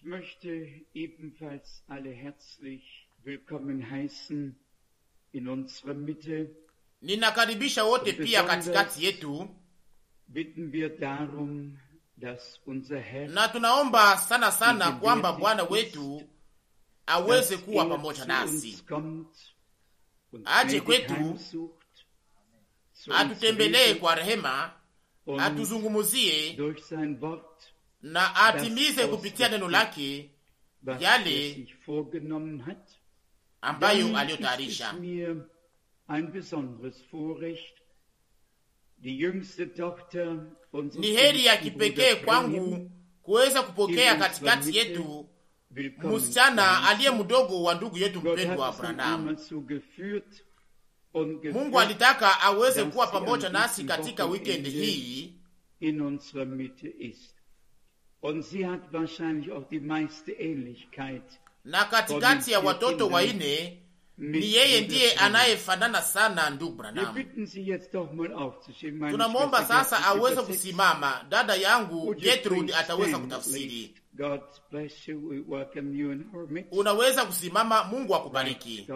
Ich möchte ebenfalls alle herzlich willkommen heißen in unserer Mitte. Ninakaribisha wote pia katikati yetu. Bitten wir darum, dass unser Herr na tunaomba sana sana kwamba Bwana wetu aweze kuwa er pamoja nasi, aje kwetu, atutembelee kwa rehema, atuzungumuzie na atimize kupitia neno lake yale er ambayo aliyotayarisha. Ni heri ya kipekee kwangu kuweza kupokea katikati yetu msichana aliye mdogo wa ndugu yetu mpendwa Branham. Mungu alitaka aweze kuwa pamoja nasi katika wikendi hii na katikati ya watoto waine ni yeye ndiye anayefanana sana ndugu Branham. Tunamwomba sasa aweze kusimama. Dada yangu Gertrude ataweza kutafsiri. Unaweza kusimama. Mungu akubariki.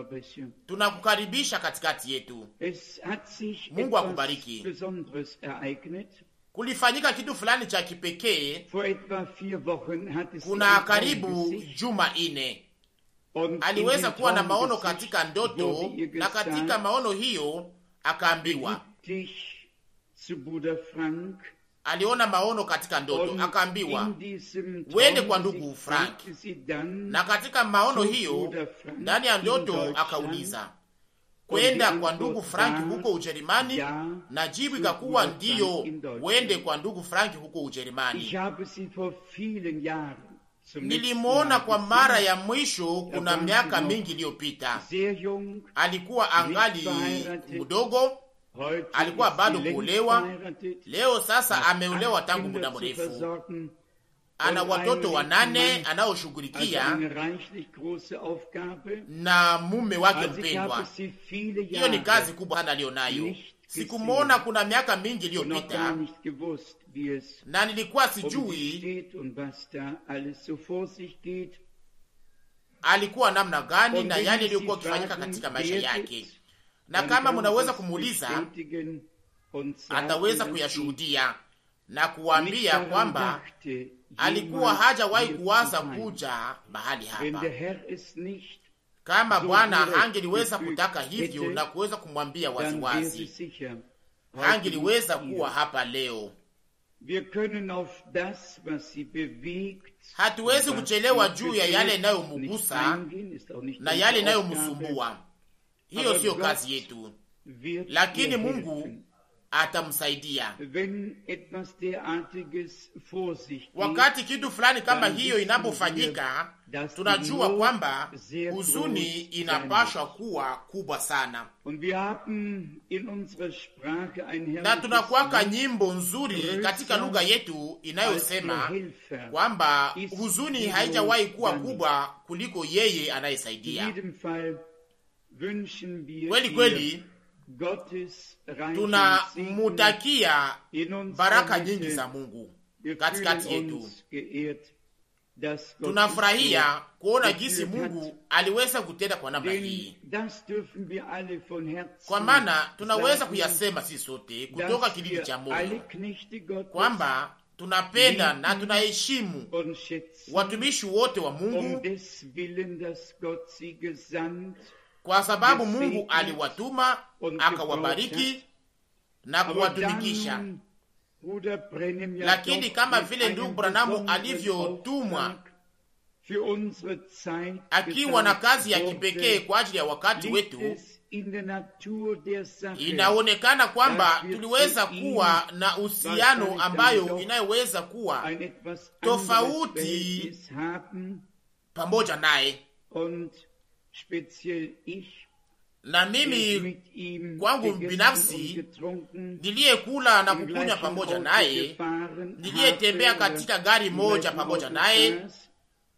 Tunakukaribisha katikati yetu. Mungu akubariki kulifanyika kitu fulani cha kipekee. Kuna karibu juma ine aliweza kuwa na maono katika ndoto, na katika maono hiyo akaambiwa, aliona maono katika ndoto, akaambiwa wende kwa ndugu Frank. Na katika maono hiyo ndani ya ndoto akauliza kwenda kwa ndugu Frank huko Ujerumani, na jibu ikakuwa ndiyo, uende kwa ndugu Frank huko Ujerumani. Nilimwona kwa mara ya mwisho kuna miaka mingi iliyopita. Alikuwa angali mdogo, alikuwa bado kuolewa. Leo sasa er ameolewa tangu muda mrefu ana watoto wanane anaoshughulikia na mume wake mpendwa. Hiyo ni kazi kubwa sana nayo Sikumwona kuna miaka mingi iliyopita, na nilikuwa um sijui alikuwa namna gani na yale iliyokuwa kifanyika katika maisha yake, na kama munaweza kumuuliza, ataweza kuyashuhudia na kuwaambia kwamba alikuwa hajawahi kuwaza kuja mahali hapa kama Bwana hangeliweza kutaka hivyo na kuweza kumwambia waziwazi, hangeliweza kuwa hapa leo. Hatuwezi kuchelewa juu ya yale inayomugusa na yale inayomsumbua. Hiyo siyo kazi yetu, lakini Mungu atamsaidia. Wakati kitu fulani kama hiyo inapofanyika, tunajua kwamba huzuni inapashwa kuwa kubwa sana, na tunakwaka nyimbo nzuri katika lugha yetu inayosema kwamba huzuni haijawahi kuwa kubwa kuliko yeye anayesaidia. Kweli kweli tunamutakia baraka nyingi za Mungu katikati yetu. Tunafurahia kuona jinsi Mungu aliweza kutenda kwa namna hii, kwa maana tunaweza kuyasema sisi sote kutoka kilindi cha moyo kwamba tunapenda na tunaheshimu watumishi wote wa Mungu um kwa sababu Mungu aliwatuma akawabariki na kuwatumikisha. Lakini kama vile ndugu Branamu alivyotumwa akiwa na kazi ya kipekee kwa ajili ya wakati wetu, inaonekana kwamba tuliweza kuwa na uhusiano ambayo inayoweza kuwa tofauti pamoja naye na mimi kwangu binafsi niliyekula na kukunywa pamoja naye, niliyetembea katika gari moja pamoja naye,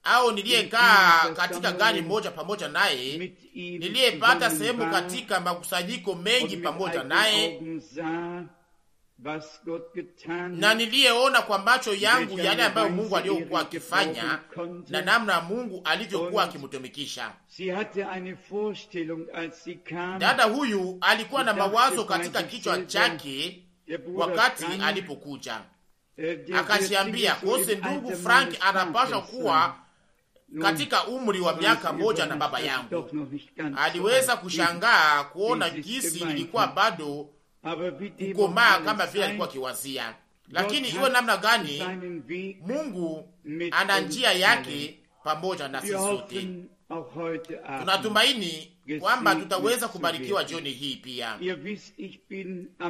au niliyekaa katika gari moja pamoja naye, niliyepata sehemu katika makusanyiko mengi pamoja naye, na niliyeona kwa macho yangu yale ambayo Mungu aliyokuwa akifanya na namna Mungu alivyokuwa akimtumikisha dada huyu. Alikuwa na mawazo katika kichwa chake wakati alipokuja, uh, akajiambia kose, ndugu Frank anapashwa kuwa katika umri wa miaka moja na baba yangu. Aliweza kushangaa kuona jinsi ilikuwa bado kukomaa kama vile alikuwa akiwazia. Lakini iwe namna gani, Mungu ana njia yake pamoja na sisi sote. Uh, Tunatumaini kwamba tutaweza kubarikiwa jioni hii pia.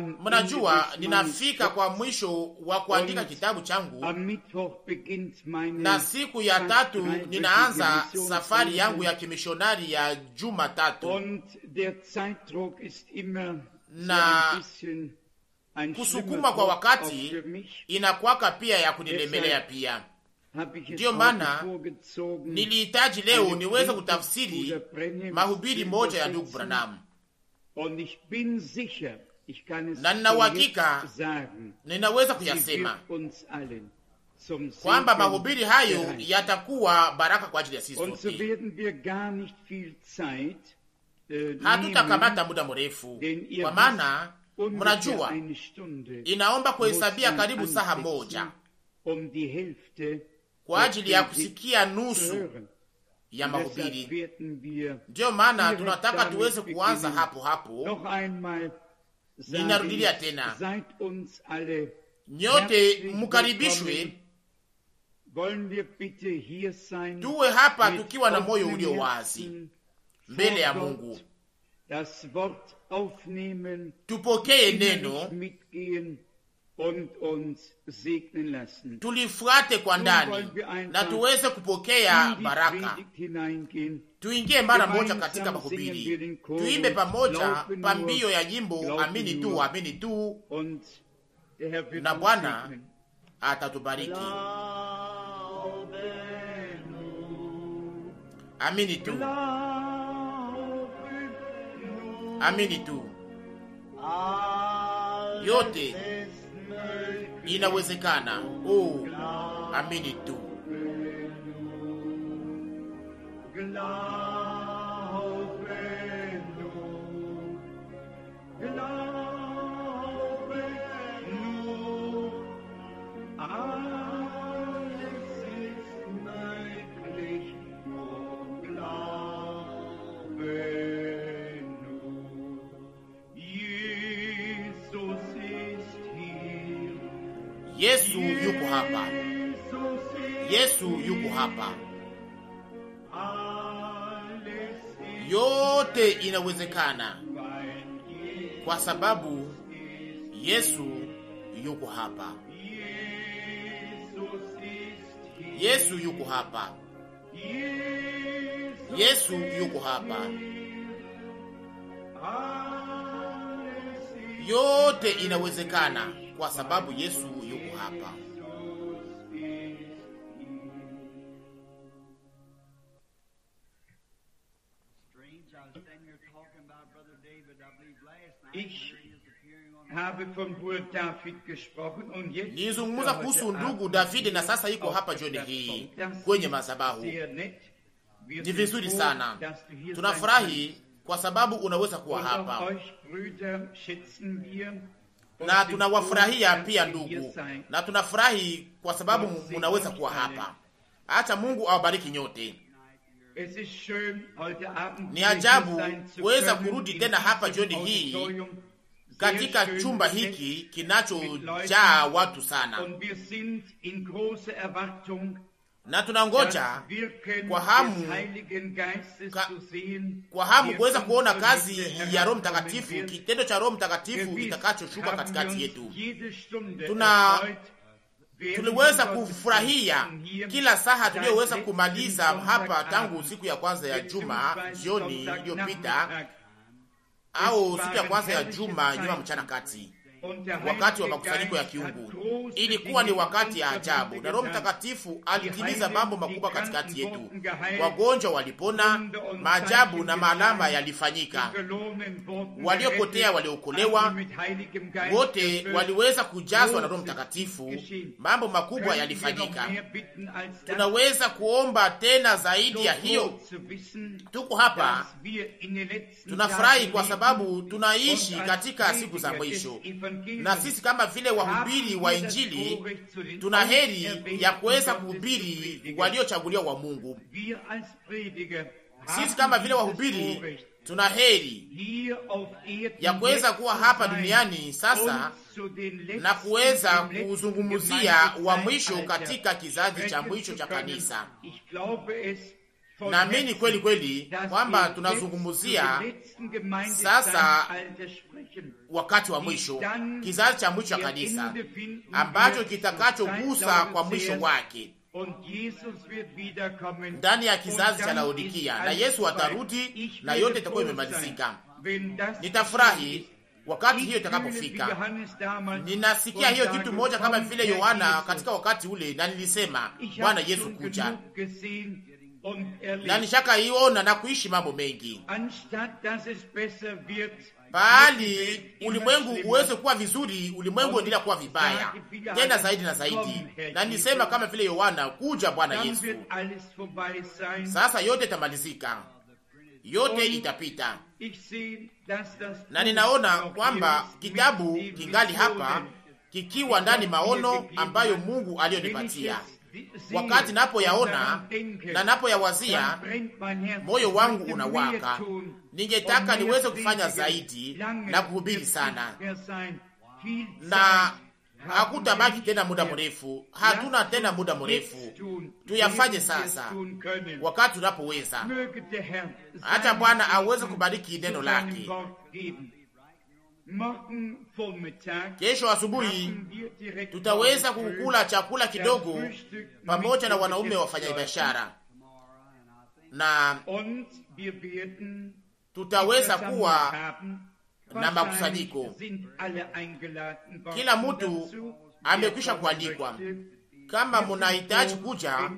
Mnajua, ninafika kwa mwisho wa kuandika kitabu changu, na siku ya tatu ninaanza safari yangu ya kimishonari ya juma tatu na kusukuma kwa wakati inakwaka pia ya kunilemelea pia. Ndiyo maana nilihitaji leo niweze kutafsiri mahubiri moja ya ndugu Branham, na nina uhakika ninaweza kuyasema kwamba mahubiri hayo yatakuwa baraka kwa ajili ya sisi sote Eh, hatutakamata muda mrefu, kwa maana mnajua inaomba kuhesabia karibu saha moja kwa ajili ya kusikia nusu ya mahubiri. Ndiyo maana tunataka tuweze kuanza hapo hapo. Ninarudilia tena, nyote mkaribishwe, tuwe hapa tukiwa na moyo ulio wazi mbele ya Mungu. Tupokee neno tulifuate kwa ndani na tuweze kupokea baraka. Tuingie mara moja katika mahubiri, tuimbe pamoja pambio ya nyimbo amini tu, amini tu, na Bwana atatubariki. Amini tu. Amini tu, yote inawezekana. Oh, amini tu. inawezekana, kwa sababu Yesu yuko hapa, Yesu yuko hapa, Yesu yuko hapa. Yote inawezekana kwa sababu Yesu yuko hapa. nizungumuza kuhusu ndugu Davide na sasa iko hapa jioni hii kwenye madhabahu. Ni vizuri sana, tunafurahi kwa sababu unaweza kuwa hapa na tunawafurahia pia ndugu, na tunafurahi kwa sababu unaweza kuwa hapa. Acha Mungu awabariki nyote. Ni ajabu kuweza kurudi tena hapa jioni hii katika chumba hiki kinachojaa watu sana, na tunangoja kwa hamu ka, kwa hamu kuweza kuona kazi ya Roho Mtakatifu, kitendo cha Roho Mtakatifu kitakachoshuka katikati yetu tuna tuliweza kufurahia kila saha tuliyoweza kumaliza hapa tangu siku ya kwanza ya juma jioni iliyopita, au siku ya kwanza ya juma nyuma mchana kati wakati wa makusanyiko ya kiungu. Ilikuwa ni wakati ya ajabu, na Roho Mtakatifu alitimiza mambo makubwa katikati yetu. Wagonjwa walipona, maajabu na maalama yalifanyika, waliopotea waliokolewa, wote waliweza kujazwa na Roho Mtakatifu. Mambo makubwa yalifanyika. Tunaweza kuomba tena zaidi ya hiyo. Tuko hapa tunafurahi kwa sababu tunaishi katika siku za mwisho na sisi kama vile wahubiri wa Injili tuna heri ya kuweza kuhubiri waliochaguliwa wa Mungu. Sisi kama vile wahubiri tuna heri ya kuweza kuwa hapa duniani sasa na kuweza kuzungumzia wa mwisho katika kizazi cha mwisho cha kanisa. Naamini kweli kweli kwamba tunazungumzia sasa wakati wa mwisho, kizazi cha mwisho ya kanisa ambacho kitakachogusa kwa mwisho wake ndani ya kizazi cha Laodikia, na Yesu atarudi na yote itakuwa imemalizika. Nitafurahi wakati hiyo itakapofika. Ninasikia hiyo kitu moja kama vile Yohana katika wakati ule, na nilisema Bwana Yesu kuja na iona na kuishi mambo mengi. Bali ulimwengu uweze kuwa vizuri, ulimwengu endelea kuwa vibaya tena zaidi na zaidi, na nisema kama vile Yohana, kuja Bwana Yesu. Sasa yote itamalizika, yote itapita, na ninaona kwamba kitabu kingali hapa kikiwa ndani maono ambayo Mungu aliyonipatia Wakati napoyaona na napoyawazia, moyo wangu unawaka. Ningetaka niweze kufanya zaidi na kuhubiri sana, na hakutabaki tena muda mrefu, hatuna tena muda mrefu. Tuyafanye sasa wakati unapoweza. Hata Bwana aweze kubariki neno lake Kesho asubuhi tutaweza kukula chakula kidogo pamoja na wanaume wafanya biashara na tutaweza kuwa na makusanyiko. Kila mtu amekwisha kualikwa. Kama munahitaji kuja,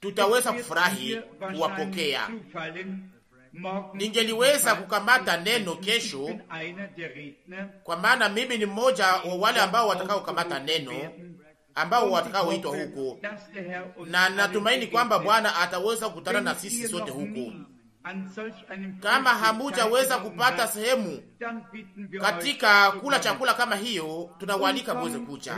tutaweza kufurahi kuwapokea ningeliweza kukamata neno kesho, kwa maana mimi ni mmoja wa wale ambao watakaokamata neno ambao watakaoitwa huko, na natumaini kwamba Bwana ataweza kukutana na sisi sote huko. Kama hamujaweza kupata sehemu katika kula chakula kama hiyo, tunawaalika muweze kuja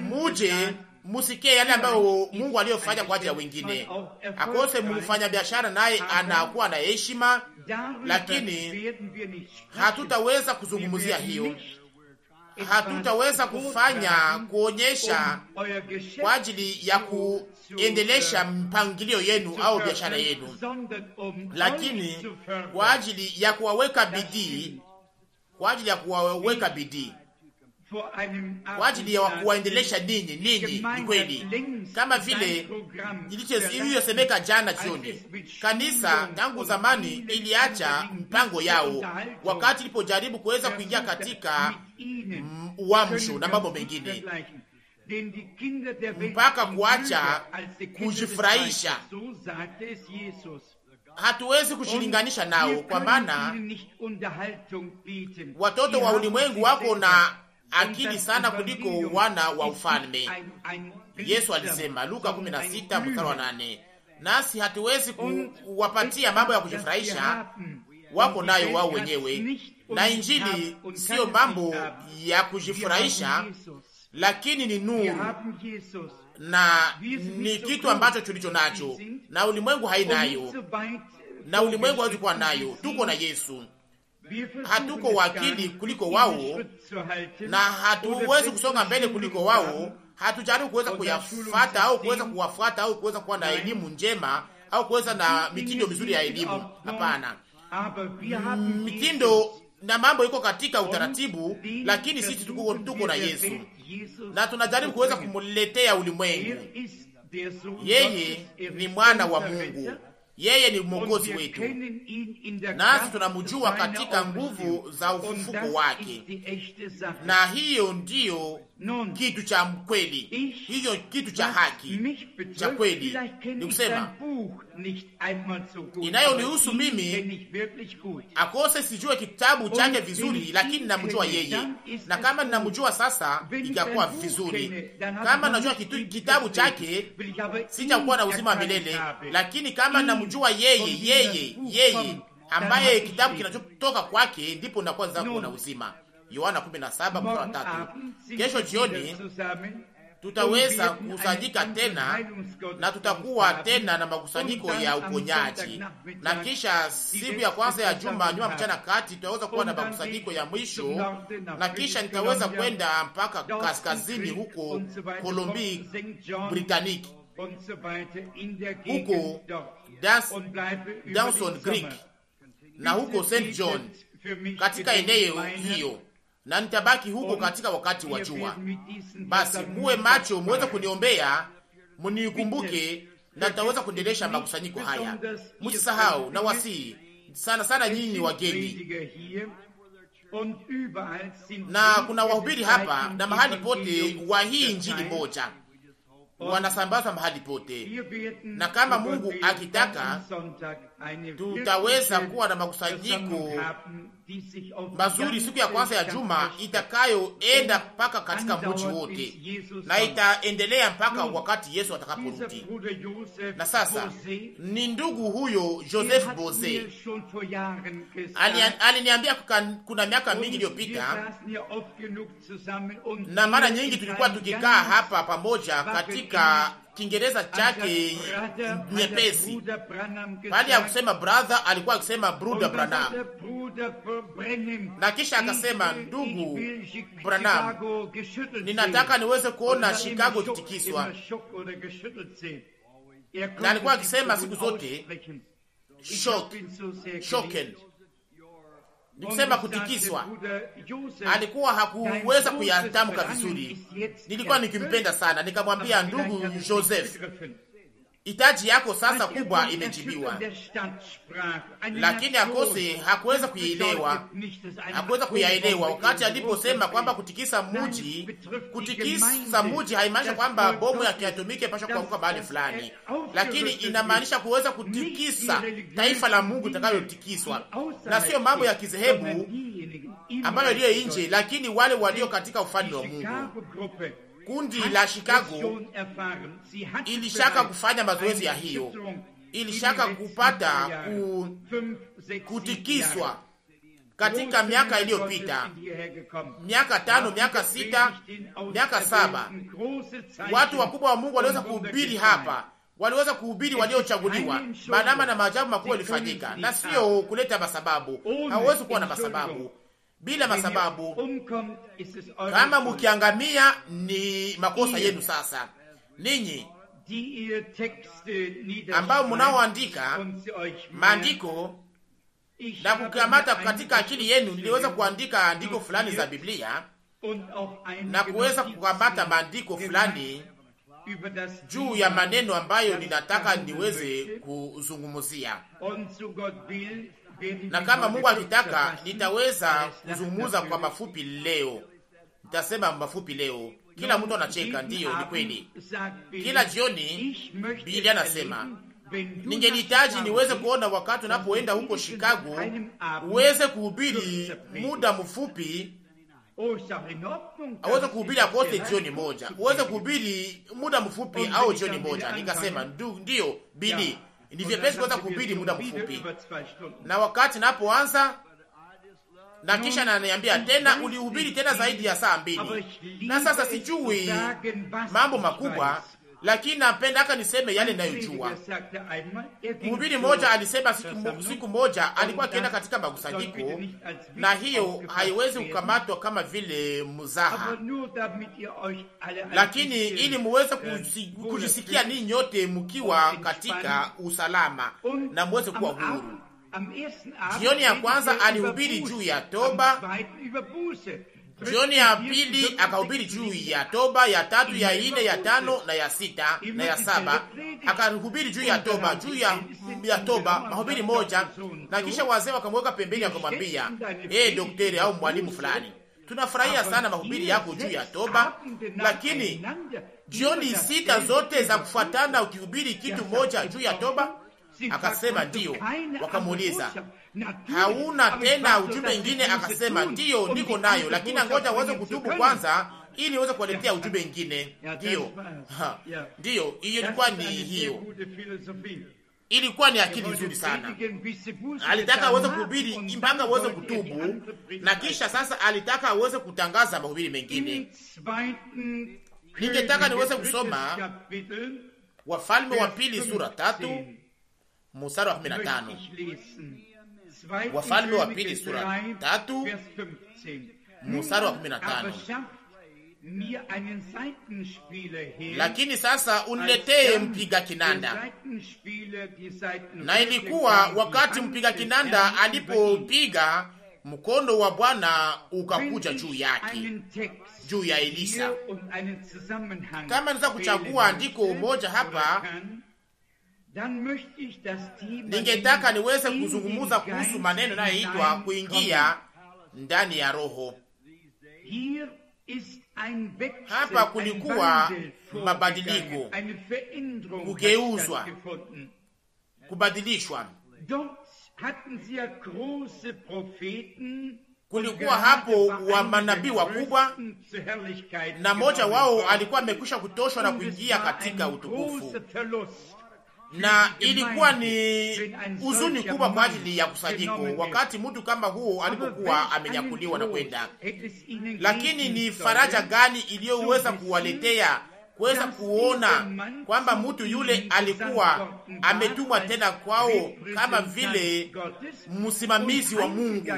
muje musikie yale ambayo Mungu aliyofanya kwa ajili ya wengine, akose mfanya biashara naye anakuwa na heshima, lakini hatutaweza kuzungumzia hiyo, hatutaweza kufanya kuonyesha kwa ajili ya kuendelesha mpangilio yenu au biashara yenu, lakini kwa ajili ya kuwaweka bidii, kwa ajili ya kuwaweka bidii kwa ajili ya kuwaendelesha ninyi ninyi. Ni kweli kama vile iliyosemeka jana jioni, kanisa tangu zamani iliacha mpango yao wakati ilipojaribu kuweza kuingia katika uamsho na mambo mengine mpaka kuacha kujifurahisha. Hatuwezi kujilinganisha nao, kwa maana watoto wa ulimwengu wako na akili sana kuliko wana wa ufalme. Yesu alisema Luka 16 mstari wa 8, nasi hatuwezi kuwapatia mambo ya kujifurahisha, wako nayo wao wenyewe. Na injili siyo mambo ya kujifurahisha, lakini ni nuru na ni kitu ambacho tulicho nacho na ulimwengu hainayo, na ulimwengu hawezi kuwa nayo. Tuko na Yesu hatuko wakili kuliko wao na hatuwezi kusonga mbele kuliko wao. Hatujaribu kuweza kuyafuata au kuweza kuwafuata au kuweza kuwa na elimu njema au kuweza na mitindo mizuri ya elimu. Hapana, mm, mitindo na mambo iko katika utaratibu, lakini sisi tuko, tuko na Yesu na tunajaribu kuweza kumletea ulimwengu. Yeye ni mwana wa Mungu yeye ni mwokozi wetu, nasi tunamjua katika nguvu za ufufuko wake, na hiyo ndiyo kitu cha kweli, hiyo kitu cha haki cha kweli, ni kusema inayonihusu mimi, akose sijue kitabu chake vizuri, lakini namjua yeye, na kama ninamjua sasa, ingekuwa vizuri. Kama najua kitabu chake, sijakuwa na uzima wa milele, lakini kama namjua yeye, yeye yeye ambaye kitabu kinachotoka kwake, ndipo nakuwa kuwa na uzima Yohana 17:3. Kesho jioni tutaweza kusanyika tena na tutakuwa tena na makusanyiko ya uponyaji, na kisha siku ya kwanza ya juma nyuma mchana kati tutaweza kuwa na makusanyiko ya mwisho, na kisha nitaweza kwenda mpaka kaskazini huko Kolombi Britannique, huko Dawson Creek na huko St John katika eneo hiyo na nitabaki huko um, katika wakati wa jua. Basi muwe macho, muweze kuniombea, mnikumbuke na nitaweza kuendelesha makusanyiko haya. Msisahau na wasii sana sana, nyinyi wageni na kuna wahubiri hapa na mahali pote wa hii injili moja wanasambazwa mahali pote, na kama Mungu akitaka tutaweza kuwa na makusanyiko mazuri siku ya kwanza ya juma itakayoenda mpaka katika mji wote na itaendelea mpaka wakati Yesu atakaporudi. Na sasa ni ndugu huyo Joseph Bose aliniambia ali kuna miaka mingi iliyopita, na mara nyingi tulikuwa tukikaa hapa pamoja katika Kiingereza chake nyepesi, baada ya kusema brother alikuwa akisema bruda Branham, na kisha akasema ndugu Branham, ninataka niweze kuona Chicago kitikiswa. Na alikuwa akisema siku zote shock shocken nikusema kutikiswa, alikuwa hakuweza kuyatamka vizuri. Nilikuwa nikimpenda sana, nikamwambia ndugu Joseph hitaji yako sasa kubwa imejibiwa, lakini akose hakuweza kuielewa, hakuweza kuyaelewa wakati aliposema kwamba kutikisa muji, kutikisa muji haimaanisha kwamba bomu ya kiatomiki pasha kuanguka bahali fulani, lakini inamaanisha kuweza kutikisa taifa la Mungu itakayotikiswa, na sio mambo ya kizehebu ambayo iliyo nje, lakini wale walio katika ufalme wa Mungu kundi la Chicago ilishaka kufanya mazoezi ya hiyo, ilishaka kupata ku, kutikiswa katika miaka iliyopita, miaka tano, miaka sita, miaka saba. Watu wakubwa wa Mungu waliweza kuhubiri hapa, waliweza kuhubiri waliochaguliwa. Maandama na maajabu makubwa ilifanyika, na sio kuleta masababu. Hauwezi kuwa na masababu bila masababu. Kama mukiangamia ni makosa yenu. Sasa ninyi uh, ambao munaoandika uh, maandiko na kukamata katika akili yenu, niliweza kuandika andiko fulani za Biblia na kuweza kukamata maandiko fulani juu ya maneno ambayo ninataka niweze kuzungumzia na kama Mungu akitaka, nitaweza kuzungumza kwa mafupi leo, nitasema mafupi leo. Kila mtu anacheka, ndiyo, ni kweli. Kila jioni Biblia anasema ningelihitaji niweze kuona wakati unapoenda huko Chicago uweze kuhubiri muda mfupi, aweze kuhubiri akote jioni moja, uweze kuhubiri muda mfupi au jioni moja. Nikasema ndio, bidii ni vyepesi kuweza kuhubiri muda mfupi, na wakati napoanza na kisha naniambia tena, ulihubiri tena zaidi ya saa mbili, na sasa sijui mambo makubwa, lakini napenda hata niseme yale ninayojua. Mhubiri mmoja alisema siku, siku moja alikuwa akienda katika makusanyiko, na hiyo haiwezi kukamatwa kama vile mzaha, lakini ili muweze kujisikia ninyi nyote mkiwa katika usalama na muweze kuwa huru. Jioni ya kwanza alihubiri juu ya toba Jioni ya pili akahubiri juu ya toba, ya tatu, ya ine, ya tano na ya sita na ya saba. Akahubiri juu ya toba, juu ya, ya toba mahubiri moja, na kisha wazee wakamweka pembeni, akamwambia hey, ee daktari au mwalimu fulani, tunafurahia sana mahubiri yako juu ya toba, lakini jioni sita zote za kufuatana ukihubiri kitu moja juu ya toba? Akasema ndiyo. Wakamuuliza hauna tena ujumbe ingine. Akasema ndiyo, niko nayo, lakini angoja uweze kutubu kwanza ili uweze kuwaletea ujumbe ingine. Ndiyo, ndiyo, hiyo ilikuwa ni hiyo ilikuwa ni akili nzuri sana. Alitaka aweze kuhubiri mpaka aweze kutubu, na kisha sasa alitaka aweze kutangaza mahubiri mengine. Ningetaka niweze kusoma Wafalme wa Pili sura tatu mstari wa kumi na tano. Wafalme wa pili sura tatu mstari wa kumi na tano. Lakini sasa uniletee mpiga kinanda. Na ilikuwa wakati mpiga kinanda alipopiga, mkondo wa Bwana ukakuja juu yake, juu ya Elisa. Kama naweza kuchagua andiko moja hapa Ningetaka niweze kuzungumuza kuhusu maneno nayeitwa kuingia ndani ya roho. Hapa kulikuwa mabadiliko, kugeuzwa, kubadilishwa. Kulikuwa hapo wa manabii wakubwa, na mmoja wao alikuwa amekwisha kutoshwa na kuingia katika utukufu na ilikuwa ni huzuni kubwa kwa ajili ya kusanyiko, wakati mtu kama huo alipokuwa amenyakuliwa na kwenda. Lakini ni faraja gani iliyoweza kuwaletea kuweza kuona kwamba mtu yule alikuwa ametumwa tena kwao kama vile msimamizi wa Mungu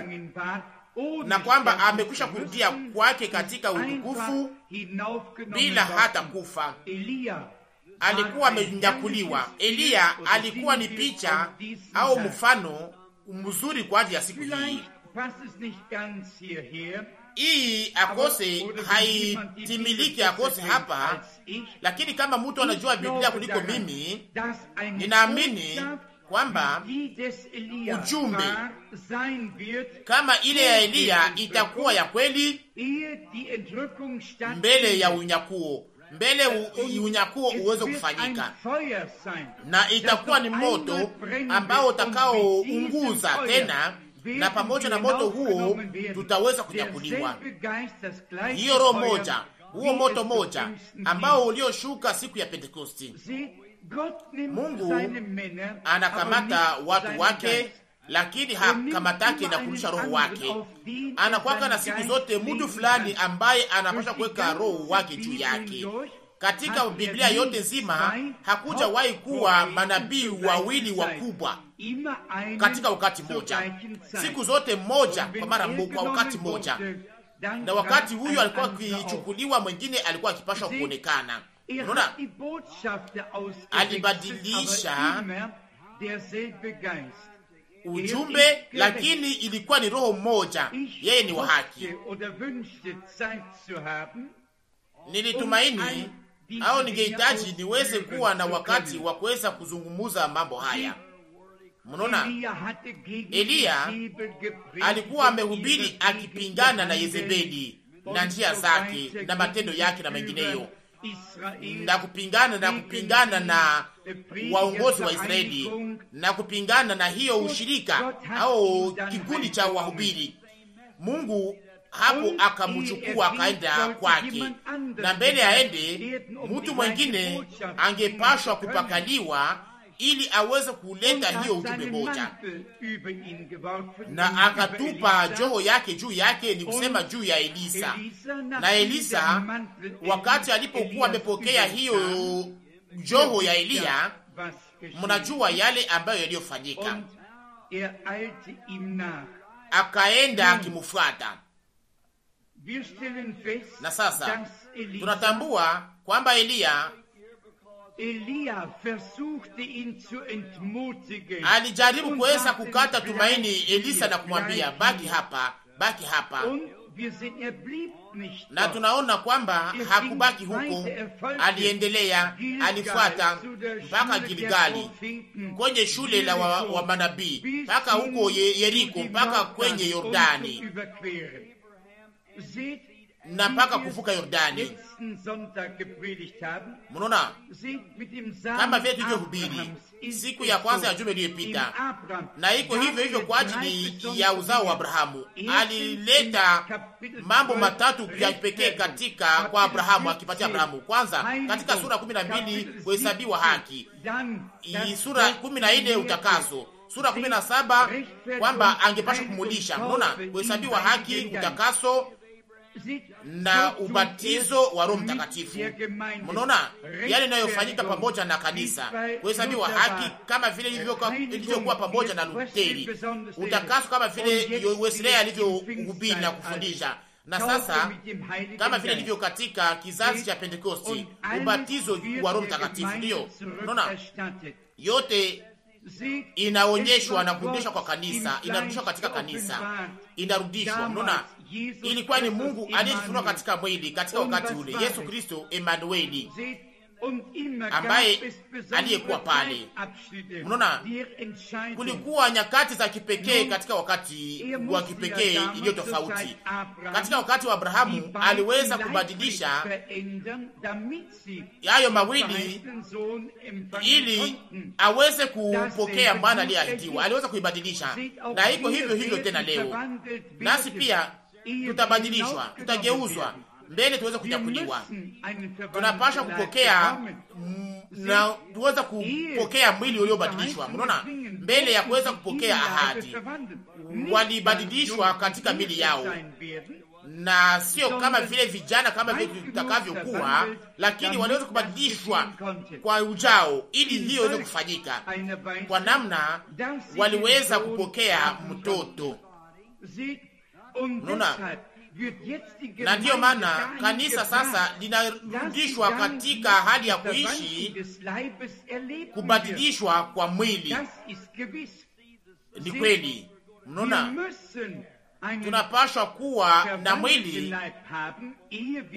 na kwamba amekwisha kuingia kwake katika utukufu bila hata kufa alikuwa amenyakuliwa. Eliya alikuwa ni picha au mfano mzuri kwa ajili ya siku hii iyi akose haitimiliki akose hapa, lakini kama mtu anajua Biblia kuliko mimi, ninaamini kwamba ujumbe kama ile ya Eliya itakuwa ya kweli mbele ya unyakuo, mbele unyakuo uweze kufanyika, na itakuwa ni moto ambao utakaounguza tena, na pamoja na moto huo tutaweza kunyakuliwa. Hiyo roho moja, huo moto moja ambao ulioshuka siku ya Pentekosti, Mungu anakamata watu wake lakini hakamatake na kurusha roho wake. Anakwaka na siku zote mtu fulani ambaye anapasha kuweka roho wake juu yake. Katika Biblia yote nzima hakuja wahi kuwa manabii wawili wakubwa katika wakati mmoja, siku zote mmoja kwa mara kwa wakati mmoja, na wakati huyo alikuwa akichukuliwa, mwingine alikuwa akipashwa kuonekana. Unaona, alibadilisha ujumbe, lakini ilikuwa ni roho mmoja yeye ni wa haki. Nilitumaini au ningehitaji niweze kuwa na wakati wa kuweza kuzungumuza mambo haya. Mnaona, Eliya alikuwa amehubiri akipingana na Yezebeli na njia zake na matendo yake na mengineyo na kupingana na kupingana na waongozi wa Israeli na kupingana na hiyo ushirika au kikundi cha wahubiri. Mungu hapo akamchukua akaenda kwake, na mbele aende mtu mwengine angepashwa kupakaliwa ili aweze kuleta hiyo ujumbe moja, na akatupa joho yake juu yake, ni kusema juu ya Elisa. Na Elisa wakati alipokuwa amepokea hiyo joho ya Eliya, mnajua yale ambayo yaliyofanyika, er akaenda akimfuata. Na sasa tunatambua kwamba Eliya alijaribu kuweza kukata tumaini Elisa na kumwambia baki hapa, baki hapa er na tunaona kwamba er hakubaki huko, er aliendelea, alifuata mpaka Gilgali kwenye shule la wa, wa manabii mpaka huko Yeriko mpaka kwenye um Yordani na mnapaka kuvuka Yordani. Mnaona kama vile tulivyohubiri siku ya kwanza ya juma iliyopita, na iko hivyo hivyo kwa ajili ya uzao wa Abrahamu. Alileta mambo matatu ya pekee katika kwa Abrahamu, akipatia Abrahamu kwanza katika sura kumi na mbili kuhesabiwa haki, sura kumi na nne utakaso sura kumi na saba kwamba angepasha kumulisha. Mnaona kuhesabiwa haki, utakaso na ubatizo wa Roho Mtakatifu. Mnaona yale inayofanyika pamoja na kanisa kuhesabiwa haki kama vile ilivyokuwa pamoja na Luteri, utakaso kama vile Wesley alivyohubiri na kufundisha, na sasa kama vile ilivyo katika kizazi cha Pentekosti, ubatizo wa Roho Mtakatifu. Ndiyo, mnaona yote inaonyeshwa na kurudishwa kwa kanisa, inarudishwa katika kanisa, inarudishwa. Mnaona ilikuwa ni Mungu aliyejifunua katika mwili katika wakati ule, Yesu Kristo Emanueli ambaye aliyekuwa pale. Unaona, kulikuwa nyakati za kipekee katika wakati wa kipekee iliyo tofauti. Katika wakati wa Abrahamu aliweza kubadilisha hayo mawili ili aweze kupokea mwana aliyeahidiwa, aliweza kuibadilisha, na iko hivyo hivyo tena leo nasi pia tutabadilishwa, tutageuzwa mbele tuweze kunyakuliwa. Tunapasha kupokea na tuweza kupokea mwili uliobadilishwa. Mnaona, mbele ya kuweza kupokea ahadi, walibadilishwa katika mili yao, na sio kama vile vijana kama vile tutakavyokuwa, lakini waliweza kubadilishwa kwa ujao, ili hiyo iweze kufanyika kwa namna waliweza kupokea mtoto Nuna. na ndiyo maana kanisa sasa linarudishwa katika hali ya kuishi kubadilishwa kwa mwili. Ni kweli, mnaona, tunapashwa kuwa na mwili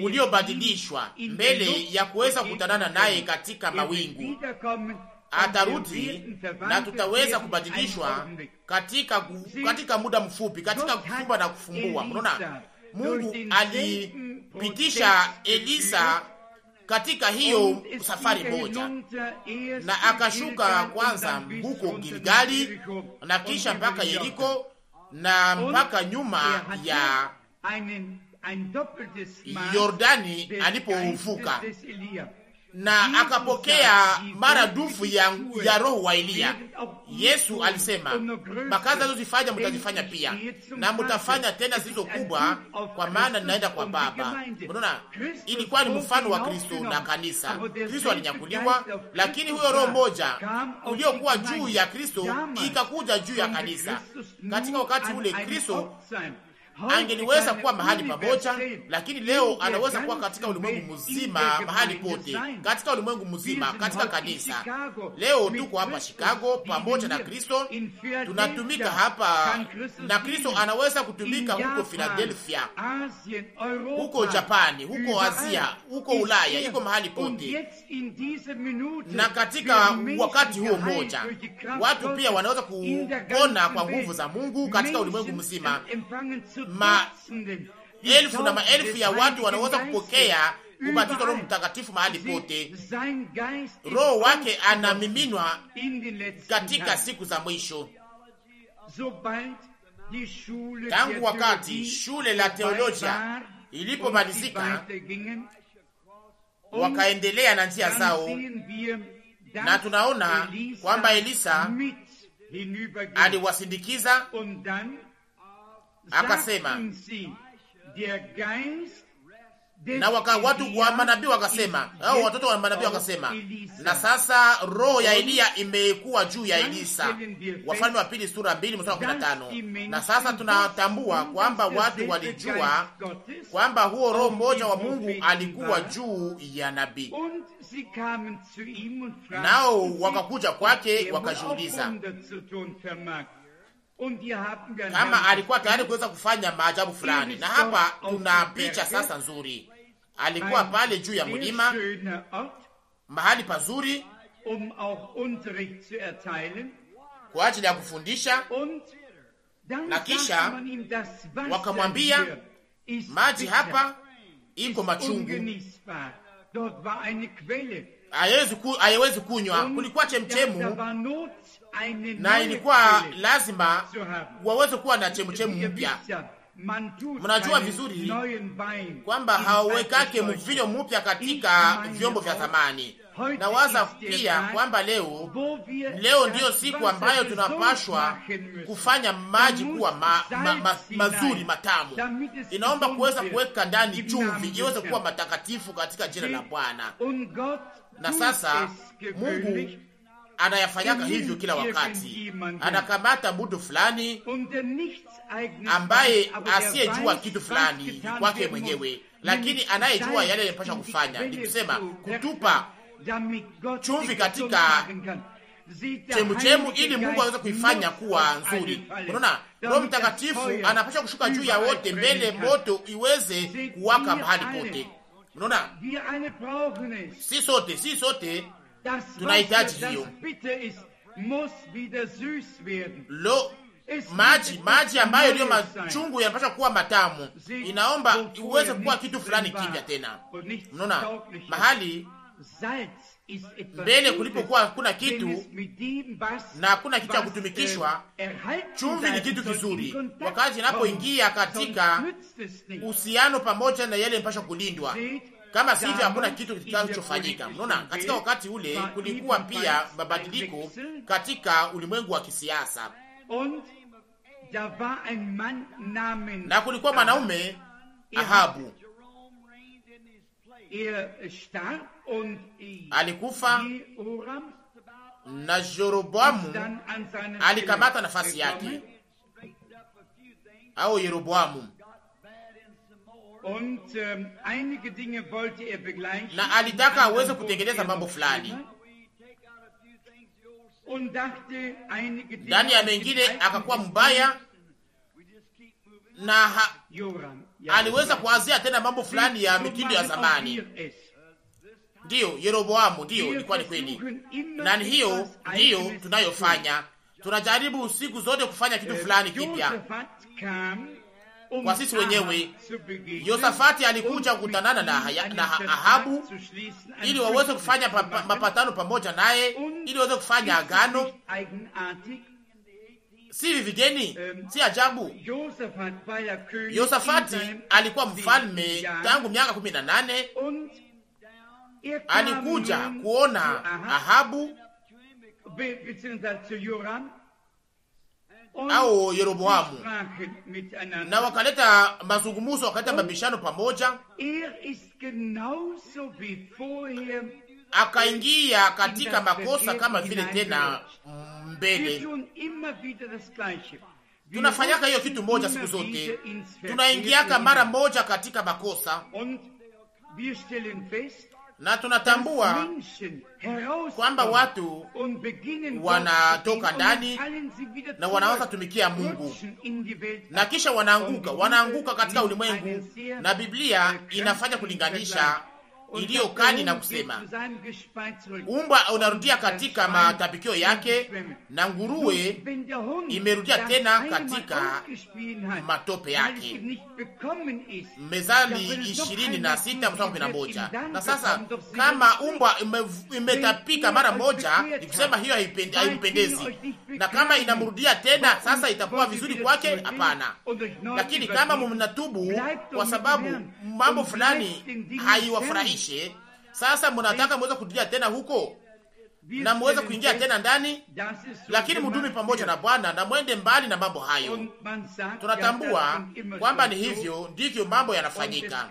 uliobadilishwa mbele ya kuweza kutanana naye katika er mawingu atarudi na tutaweza kubadilishwa katika, katika muda mfupi, katika kufumba na kufumbua. Mnaona, Mungu alipitisha Elisa katika hiyo safari moja, na akashuka kwanza huko Gilgali na kisha mpaka Yeriko na mpaka nyuma ya Yordani alipovuka na akapokea dufu ya, ya roho wa Eliya. Yesu alisema makazi nazozifanya mutazifanya pia na mutafanya tena zilizo kubwa, kwa maana ninaenda kwa Baba. Unaona, ilikuwa ni mfano wa Kristo na kanisa. Kristo alinyakuliwa, lakini huyo roho moja uliokuwa juu ya Kristo ikakuja juu ya kanisa katika wakati ule Kristo angeliweza kuwa mahali pamoja, lakini leo anaweza kuwa katika ulimwengu mzima, mahali pote katika ulimwengu mzima, katika kanisa. Leo tuko hapa Chicago pamoja na Kristo, tunatumika hapa na Kristo, anaweza kutumika huko Philadelphia, huko Japani, huko Asia, huko Ulaya, iko mahali pote. Na katika wakati huo mmoja, watu pia wanaweza kuona kwa nguvu za Mungu katika ulimwengu mzima maelfu na maelfu ya watu wanaweza kupokea ubatizo Roho Mtakatifu mahali pote. Roho wake anamiminwa katika siku za mwisho. Tangu wakati shule la teolojia ilipomalizika, wakaendelea na njia zao, na tunaona kwamba Elisa aliwasindikiza akasema na waka watu wa manabii wakasema, au watoto wa manabii wakasema, na sasa roho ya Eliya imekuwa juu ya Elisa. Wafalme wa pili sura mbili mstari wa 15. Na sasa tunatambua kwamba watu walijua kwamba huo roho mmoja wa Mungu alikuwa juu ya nabii, nao wakakuja kwake wakajiuliza kama alikuwa tayari yaani kuweza kufanya maajabu fulani. Na hapa tuna picha sasa nzuri, alikuwa pale juu ya mlima, mahali pazuri um kwa ajili ya kufundisha, na kisha wakamwambia maji hapa iko machungu, ayewezi kunywa. Kulikuwa chemchemu na ilikuwa lazima waweze kuwa na chemchemu mpya. Mnajua vizuri kwamba hawawekake mvinyo mpya katika vyombo vya zamani. Na waza pia kwamba leo leo ndiyo siku ambayo tunapashwa kufanya maji kuwa ma, ma, ma, mazuri matamu. Inaomba kuweza kuweka ndani chumvi iweze kuwa matakatifu katika jina la Bwana. Na sasa Mungu anayafanyaga hivyo kila wakati, anakamata mtu fulani ambaye asiyejua kitu fulani kwake mwenyewe, lakini anayejua yale yanapasha kufanya, ni kusema kutupa chumvi katika chemuchemu ili Mungu aweze kuifanya kuwa nzuri. Unaona, Roho Mtakatifu anapasha kushuka juu ya wote, mbele moto iweze kuwaka mahali pote. Unaona, si sote si sote tunahitaji hiyo lo maji maji ambayo iliyo machungu yanapaswa kuwa matamu, inaomba uweze kuwa kitu fulani kipya tena. Mnaona mahali mbele kulipokuwa kuna kitu na hakuna kitu cha kutumikishwa. Ähm, chumvi ni kitu kizuri, wakati inapoingia katika uhusiano pamoja na yale inapaswa kulindwa kama sivyo, hakuna kitu kitakachofanyika. Mnaona, katika wakati ule kulikuwa pia mabadiliko katika ulimwengu wa kisiasa, na kulikuwa mwanaume er Ahabu er alikufa na Jeroboamu alikamata nafasi yake, au Yeroboamu Ähm, er na alitaka aweze kutengeneza mambo fulani ndani ya mengine, akakuwa mbaya na ha, aliweza kuanzia tena mambo fulani ya mitindo ya zamani. Ndiyo Yeroboamu, ndiyo ilikuwa ni kweli, na hiyo ndiyo tunayofanya. Tunajaribu siku zote kufanya kitu äh, fulani kipya kwa sisi wenyewe. Yosafati alikuja kukutanana na, na Ahabu ili waweze kufanya mapatano pamoja naye ili waweze kufanya agano. Si vigeni, si ajabu. Yosafati alikuwa mfalme tangu miaka kumi na nane. Alikuja kuona Ahabu au Yeroboamu, na wakaleta mazungumuzo, wakaleta mabishano pamoja. Akaingia katika makosa kama vile tena mbele. Tunafanyaka hiyo kitu moja siku zote, tunaingiaka mara moja katika makosa na tunatambua kwamba watu wanatoka ndani na wanaanza tumikia Mungu na kisha wanaanguka, wanaanguka katika ulimwengu, na Biblia inafanya kulinganisha iliyo kani na kusema, umbwa unarudia katika matapikio yake na nguruwe imerudia tena katika matope yake. Mezali ishirini na sita mstari kumi na moja. Na sasa kama umbwa imetapika mara moja, ni kusema hiyo haimpendezi, na kama inamrudia tena sasa itakuwa vizuri kwake? Hapana. Lakini kama mnatubu kwa sababu mambo fulani haiwafurahishi iishe. Sasa mnataka muweze kutulia tena huko na muweze kuingia tena ndani, lakini mudumi pamoja na Bwana na mwende mbali na mambo hayo. Tunatambua kwamba ni hivyo ndivyo mambo yanafanyika,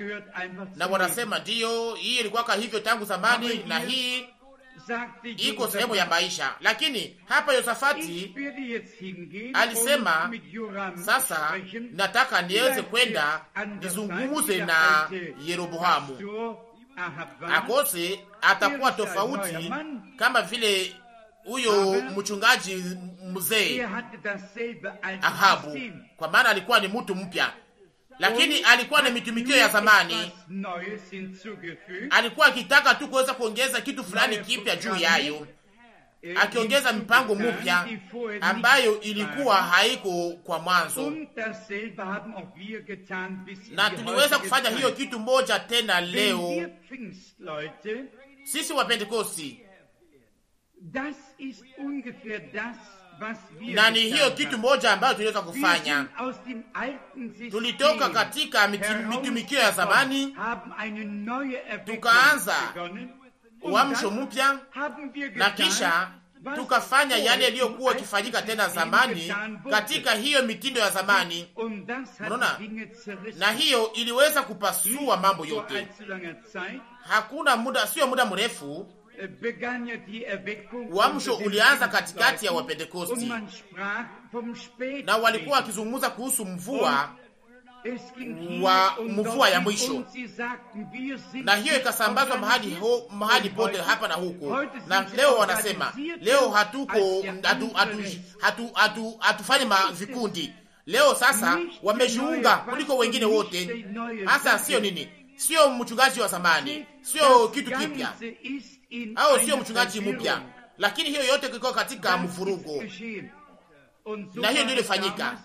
na wanasema ndiyo, hii ilikuwaka hivyo tangu zamani, na hii iko sehemu ya maisha. Lakini hapa Yosafati alisema, sasa nataka niweze kwenda nizungumze na Yeroboamu akose atakuwa tofauti, kama vile huyo mchungaji mzee Ahabu, kwa maana alikuwa ni mtu mpya, lakini alikuwa na mitumikio ya zamani. Alikuwa akitaka tu kuweza kuongeza kitu fulani kipya juu yayo Eh, akiongeza mipango mupya ambayo ilikuwa haiko kwa mwanzo, na tuliweza kufanya hiyo kitu moja tena leo sisi Pentekosti, na ni hiyo kitu moja ambayo tuliweza kufanya. Tulitoka katika mitumikio ya zamani tukaanza uamsho mpya, na kisha tukafanya yale yaliyokuwa ikifanyika tena zamani katika hiyo mitindo ya zamani. Um Unaona, na hiyo iliweza kupasua mambo yote. Hakuna muda, sio muda mrefu, uamsho ulianza katikati ya Wapentekosti, na walikuwa wakizungumza kuhusu mvua wa mvua ya mwisho, na hiyo ikasambazwa mahali ho, mahali pote hapa na huko. Na leo wanasema leo hatuko hatu, hatu, hatu, hatu, hatufanye vikundi leo. Sasa wamejiunga kuliko wengine wote. Hasa sio nini, sio mchungaji wa zamani, sio kitu kipya au sio mchungaji mpya, lakini hiyo yote kiko katika mvurugo, na hiyo ndio ilifanyika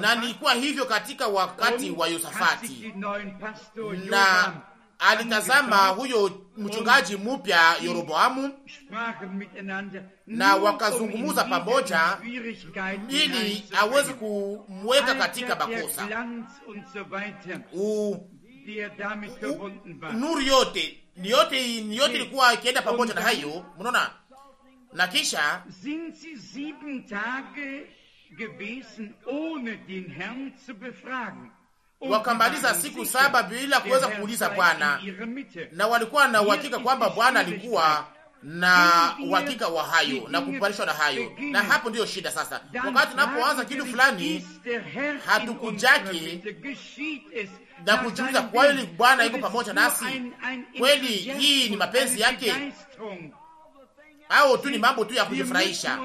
na nilikuwa hivyo katika wakati wa Yosafati, na alitazama huyo mchungaji mupya Yeroboamu, na wakazungumuza pamoja ili aweze kumweka katika makosa. Nuru yote ni yote ilikuwa ikienda pamoja na hayo, mnaona. Na kisha wakamaliza siku saba bila kuweza kuuliza Bwana, na walikuwa na uhakika kwamba Bwana alikuwa na uhakika wa hayo na kumparishwa na hayo. Na hapo ndiyo shida sasa. Wakati tunapoanza kitu fulani, hatukujaki na kujiuliza kweli Bwana yuko pamoja nasi, kweli hii ni mapenzi yake au tu ni mambo tu ya kujifurahisha.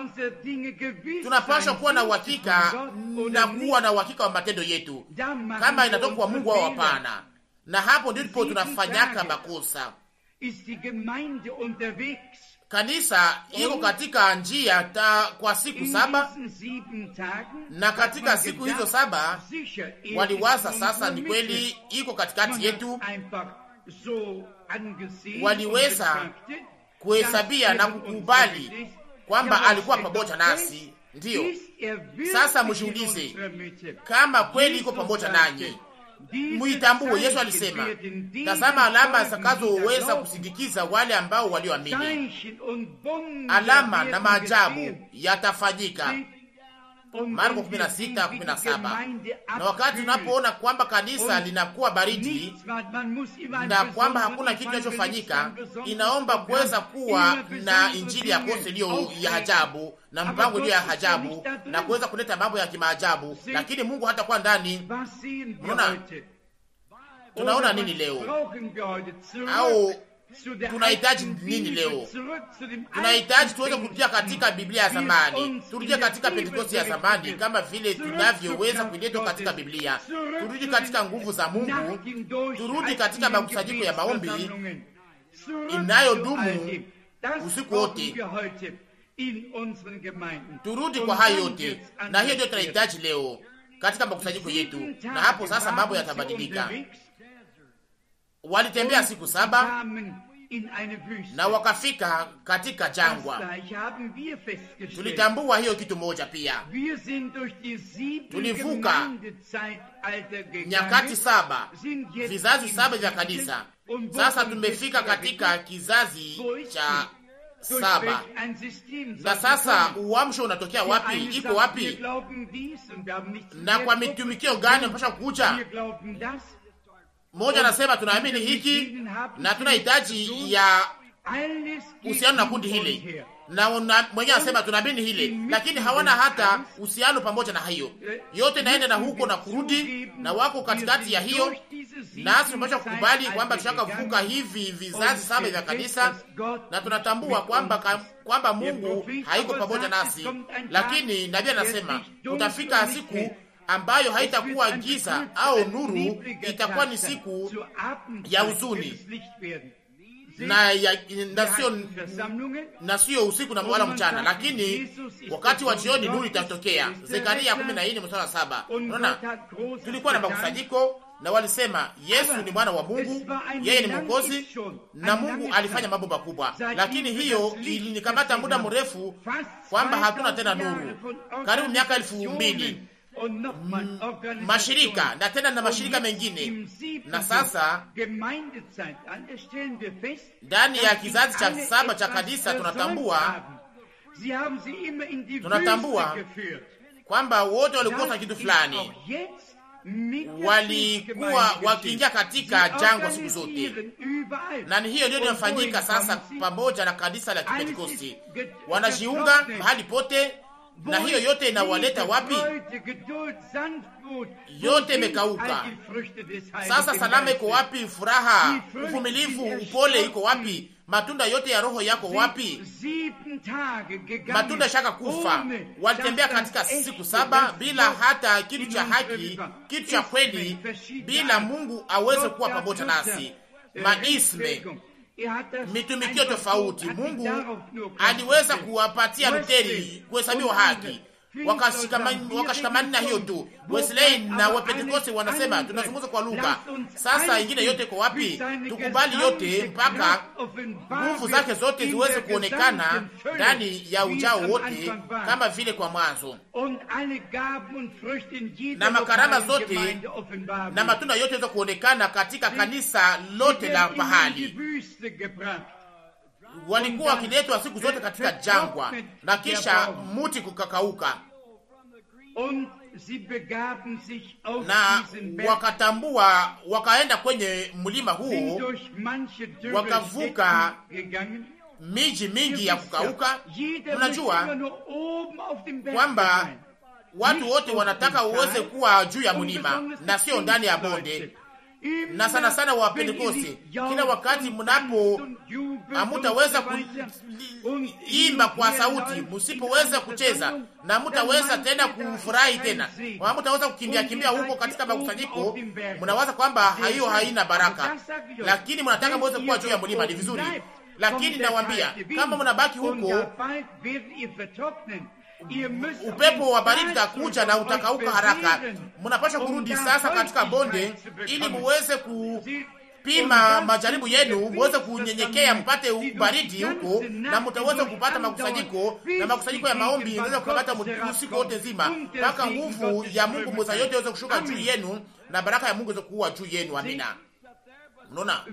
Tunapaswa kuwa na uhakika na kuwa na uhakika wa matendo yetu, kama inatoka kwa Mungu au hapana, na hapo ndipo tunafanyaka makosa. Kanisa iko katika njia ta kwa siku saba, na katika siku hizo saba waliwaza sasa, ni kweli iko katikati yetu, waliweza kuhesabia na kukubali kwamba alikuwa pamoja nasi. Ndiyo, sasa mjiulize kama kweli iko pamoja nanyi. mwitambue Yesu alisema, tazama alama zitakazoweza kusindikiza wale ambao walioamini, alama na maajabu yatafanyika Marko 16, 17. Na wakati unapoona kwamba kanisa linakuwa baridi na kwamba hakuna kitu kinachofanyika, inaomba kuweza kuwa na injili ya kose iliyo ya ajabu na mpango iliyo ya ajabu na kuweza kuleta mambo ya kimaajabu, lakini Mungu hatakuwa ndani. tunaona nini leo au tunahitaji nini leo? Tunahitaji tuweze kurudia katika Biblia ya zamani, turudie katika Pentekoste ya zamani, kama vile tunavyoweza kuiletwa katika Biblia. Turudi katika nguvu za Mungu, turudi katika makusanyiko ya maombi inayodumu usiku wote. Turudi kwa hayo yote, na hiyo ndio tunahitaji leo katika makusanyiko yetu, na hapo sasa mambo yatabadilika walitembea siku saba na wakafika katika jangwa. Tulitambua hiyo kitu moja pia, tulivuka nyakati saba, vizazi saba vya kanisa. Sasa tumefika katika kizazi cha saba, na sasa uamsho unatokea wapi? Iko wapi? Na kwa mitumikio gani mpasha kuja? Mmoja anasema tunaamini hiki na tuna hitaji ya uhusiano na kundi hili, na mwenyewe anasema tunaamini hili, lakini hawana hata uhusiano pamoja na hiyo yote, naenda na huko na kurudi, na wako katikati ya hiyo. Nasi tunapaswa kukubali kwamba tushaka vuka hivi vizazi saba vya kanisa, na tunatambua kwamba kwamba Mungu haiko pamoja nasi, lakini nabii anasema utafika siku ambayo haitakuwa giza au nuru, itakuwa ni siku ya huzuni na, na sio usiku na wala mchana, lakini wakati wa jioni nuru itatokea. Zekaria kumi mstari Unaona, tulikuwa na makusanyiko na walisema Yesu ni mwana wa Mungu, yeye ni Mwokozi, na Mungu alifanya mambo makubwa. Lakini hiyo ilinikamata muda mrefu kwamba hatuna tena nuru, karibu miaka elfu mbili Mm, mashirika na tena na mashirika mengine. Na sasa ndani ya kizazi cha saba cha kanisa tunatambua, tunatambua kwamba wote walikosa kitu fulani, walikuwa wakiingia katika jangwa siku zote, na ni hiyo ndio inafanyika sasa pamoja na kanisa la Kipentekosti, wanajiunga mahali pote na hiyo yote inawaleta wapi? Yote imekauka. Sasa salama iko wapi? Furaha, uvumilivu, upole iko wapi? Matunda yote ya roho yako wapi? Matunda shaka kufa. Walitembea katika siku saba bila hata kitu cha haki, kitu cha kweli, bila Mungu aweze kuwa pamoja nasi. Eh, Maisme mitumikio tofauti. Mungu aliweza kuwapatia Luteri kuhesabiwa haki wakashikamani na hiyo tu. Wesley na Wapentekoste wanasema tunazungumza kwa lugha. Sasa ingine yote iko wapi? Tukubali yote mpaka nguvu zake zote ziweze kuonekana ndani ya ujao wote, kama vile kwa mwanzo, na makarama zote na matunda yote weza kuonekana katika kanisa lote la pahali walikuwa wakiletwa siku zote katika jangwa na kisha muti kukakauka, na wakatambua, wakaenda kwenye mlima huo, wakavuka miji mingi ya kukauka. Unajua kwamba watu wote wanataka uweze kuwa juu ya mlima na sio ndani ya bonde, na sana sana wa Pentekoste, kila wakati mnapo hamutaweza kuimba kwa sauti, msipoweza kucheza na mutaweza tena kufurahi tena, hamutaweza kukimbia kimbia huko katika makusanyiko. Mnawaza kwamba hiyo haina baraka, lakini mnataka mweze kuwa juu ya mlima. Ni vizuri, lakini nawaambia kama mnabaki huko upepo wa baridi utakuja na utakauka haraka. Mnapasha kurudi sasa katika bonde, ili muweze kupima majaribu yenu, muweze kunyenyekea, mpate baridi huko, na mtaweza kupata makusanyiko, na makusanyiko ya maombi inaweza kupata usiku wote nzima, mpaka nguvu ya Mungu mwezayote iweze kushuka juu yenu na baraka ya Mungu iweze kuwa juu yenu. Amina. Mnaona,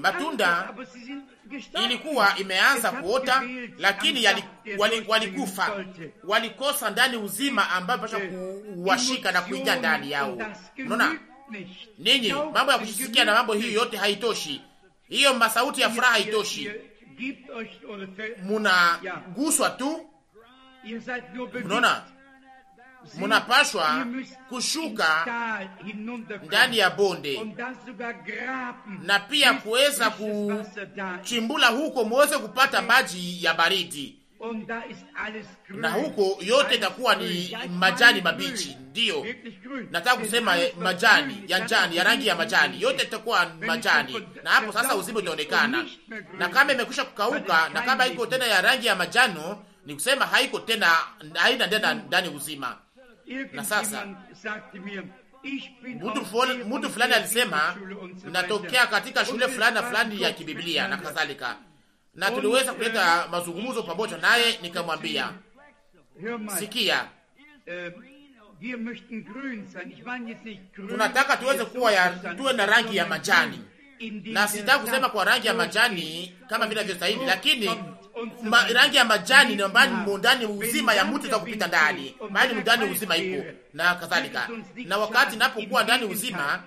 matunda ilikuwa imeanza kuota, lakini walikufa, walikosa ndani uzima ambayo pasha kuwashika na kuingia ndani yao. Mnaona ninyi, mambo ya kusikia na mambo hiyo yote haitoshi, hiyo masauti ya furaha haitoshi, munaguswa tu. Mnaona munapashwa kushuka ndani ya bonde na pia kuweza kuchimbula huko, muweze kupata maji ya baridi, na huko yote itakuwa ni majani mabichi. Ndiyo nataka kusema majani ya njani, ya rangi ya majani, yote itakuwa majani, na hapo sasa uzima utaonekana. Na kama imekwisha kukauka na kama iko tena ya rangi ya majano, ni kusema haiko tena, haina tena hmm. ndani uzima na sasa mtu fulani alisema natokea katika shule fulani na fulani ya kibiblia na kadhalika, na tuliweza er kuleta mazungumzo pamoja naye, nikamwambia sikia, ähm, tunataka tuweze kuwa ya, tuwe na rangi ya majani, na sitaki kusema kwa rangi ya majani kama vile inavyostahili, lakini ma, rangi ya majani ni mbali mundani uzima ya mtu kupita ndani, bali mundani uzima ipo na kadhalika. Na wakati napokuwa ndani uzima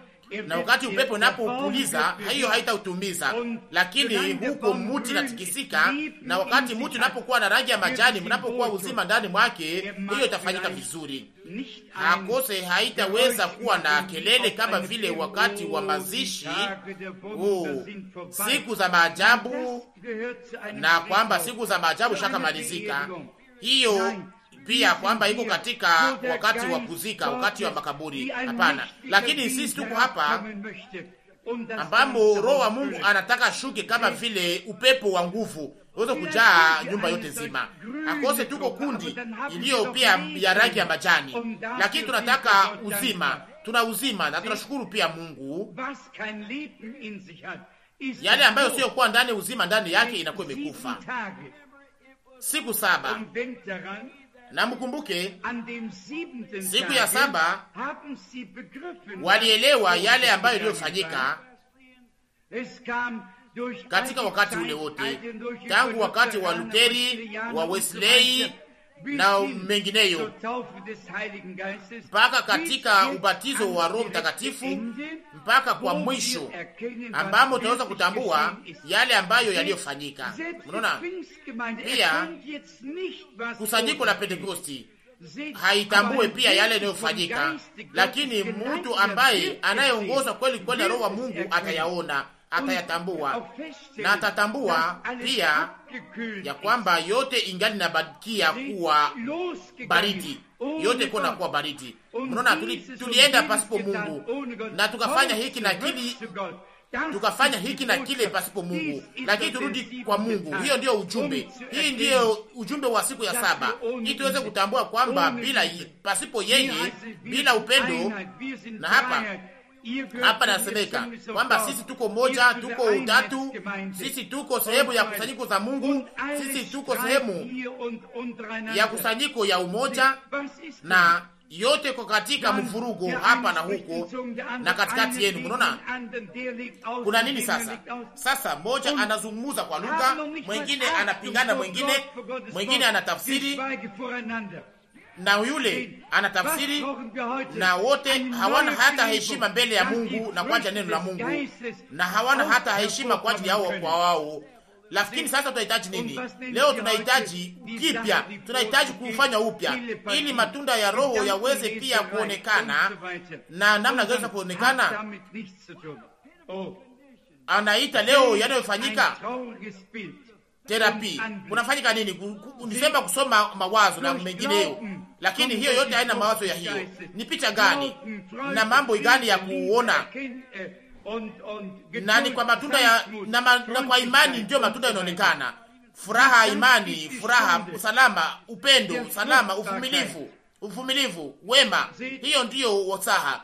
na wakati upepo unapopuliza hiyo haitautumiza, lakini huko muti natikisika, na wakati muti unapokuwa na rangi ya majani, mnapokuwa uzima ndani mwake, hiyo itafanyika vizuri, hakose haitaweza kuwa na kelele kama vile wakati wa mazishi. Oh, siku za maajabu, na kwamba siku za maajabu shakamalizika hiyo pia kwamba iko katika wakati wa kuzika, wakati wa makaburi. Hapana, lakini sisi tuko hapa ambamo Roho wa Mungu anataka shuke kama vile upepo wa nguvu uweze kujaa nyumba yote nzima, akose tuko kundi iliyo pia ya rangi ya majani, lakini tunataka uzima, tuna uzima na tunashukuru pia Mungu. Yale ambayo siyokuwa ndani uzima ndani yake inakuwa imekufa siku saba na mkumbuke siku ya saba walielewa yale ambayo iliyofanyika katika wakati ule wote, tangu wakati wa Luteri, wa Wesley na mengineyo mpaka katika ubatizo wa Roho Mtakatifu mpaka kwa mwisho ambamo tunaweza kutambua yale ambayo yaliyofanyika. Mnaona pia kusanyiko la Pentekosti haitambue pia yale yanayofanyika, lakini mtu ambaye anayeongozwa kweli kweli na Roho wa Mungu atayaona atayatambua na atatambua pia ya kwamba yote ingali nabakia kuwa baridi, yote kona kuwa baridi. Mnaona, tulienda tuli pasipo Mungu na tukafanya hiki na kili tukafanya hiki na kile pasipo Mungu, lakini turudi kwa Mungu. Hiyo ndiyo ujumbe, hii ndiyo ujumbe wa siku ya saba, ili tuweze kutambua kwamba bila pasipo yeye, bila upendo na hapa hapa nasemeka kwamba sisi tuko moja, tuko utatu, sisi tuko sehemu ya kusanyiko za Mungu, sisi tuko sehemu ya kusanyiko ya umoja na yote kwa katika mvurugo hapa na huko na katikati yenu. Mnaona kuna nini sasa? Sasa mmoja anazungumza kwa lugha, mwengine anapingana, mwengine mwengine anatafsiri na yule ana tafsiri, na wote hawana hata heshima mbele ya Mungu na kwa ajili ya neno la Mungu, na hawana hata heshima kwa ajili yao kwa wao. Lakini sasa tunahitaji nini leo? Tunahitaji kipya, tunahitaji kufanya upya, ili matunda ya Roho yaweze pia kuonekana. Na namna gani kuonekana? Anaita leo yanayofanyika terapi Kunafanyika nini? Nisema kusoma mawazo na mengineyo lakini hiyo yote haina mawazo ya hiyo. Ni picha gani na mambo gani ya kuona? Eh, na ni kwa matunda ya na, ma, na kwa imani ndio matunda yanaonekana: furaha, imani, furaha, usalama, upendo, usalama, uvumilivu, uvumilivu, wema. Hiyo ndiyo wasaha,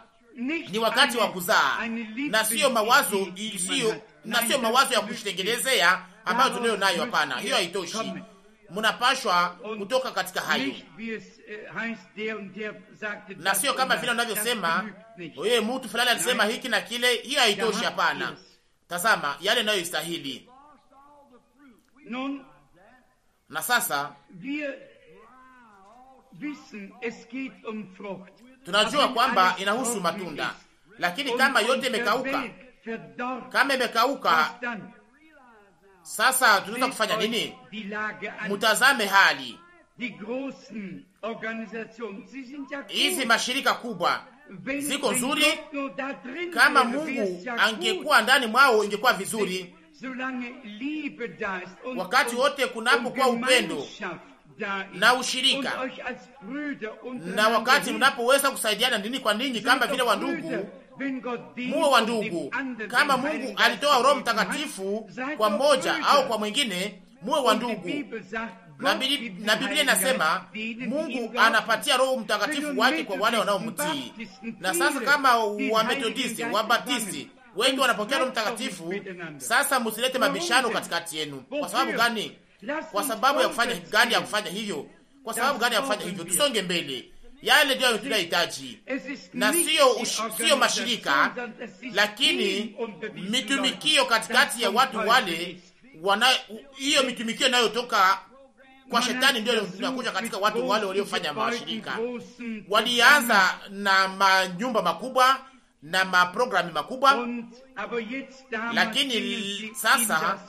ni wakati wa kuzaa na sio mawazo isiyo na sio mawazo ya kujitengenezea ambayo tunayo nayo. Hapana, hiyo haitoshi mnapashwa kutoka katika hayo, äh, na sio kama vile unavyosema yeye, mtu fulani alisema hiki na kile, hiyo haitoshi. Hapana, tazama yale inayoistahili. Na sasa um tunajua kwamba inahusu matunda, lakini kama yote imekauka, kama imekauka sasa tunaweza kufanya nini? Mtazame hali hizi, mashirika kubwa ziko nzuri. Kama Mungu angekuwa ndani mwao, ingekuwa vizuri. Wakati wote kunapokuwa upendo na ushirika, na wakati mnapoweza kusaidiana ndini kwa ninyi, kama vile wandugu muwe wa ndugu. Kama Mungu alitoa Roho Mtakatifu kwa mmoja au kwa mwingine, muwe wa ndugu. Na Biblia inasema Mungu anapatia Roho Mtakatifu wake kwa wale wanaomtii. Na sasa kama Wamethodisti, Wabatisti wengi wanapokea Roho Mtakatifu, sasa musilete mabishano katikati yenu. Kwa sababu gani? Kwa sababu ya kufanya gani ya kufanya hivyo? Kwa sababu gani ya kufanya hivyo? Tusonge mbele yale ndiyo tunahitaji, na siyo siyo mashirika, lakini mitumikio katikati ya watu wale wana hiyo mitumikio inayotoka kwa shetani ndio inakuja katika watu wale waliofanya mashirika. Walianza na manyumba makubwa na maprogrami makubwa, lakini sasa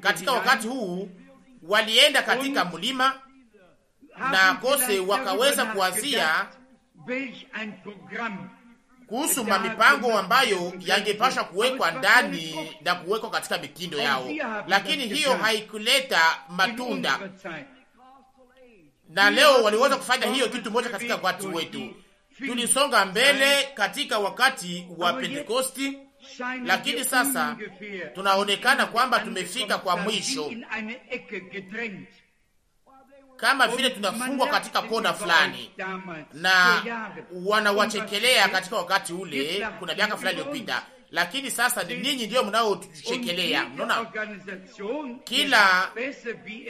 katika wakati huu walienda katika mlima na kose wakaweza kuwazia kuhusu mamipango ambayo yangepasha kuwekwa ndani na kuwekwa katika mikindo yao, lakini hiyo haikuleta matunda. Na leo waliweza kufanya hiyo kitu moja katika watu wetu. Tulisonga mbele katika wakati wa Pentekosti, lakini sasa tunaonekana kwamba tumefika kwa mwisho kama vile tunafungwa katika kona fulani na wanawachekelea katika wakati ule, kuna miaka fulani iliyopita. Lakini sasa ni ninyi ndio mnaochekelea Mnaona kila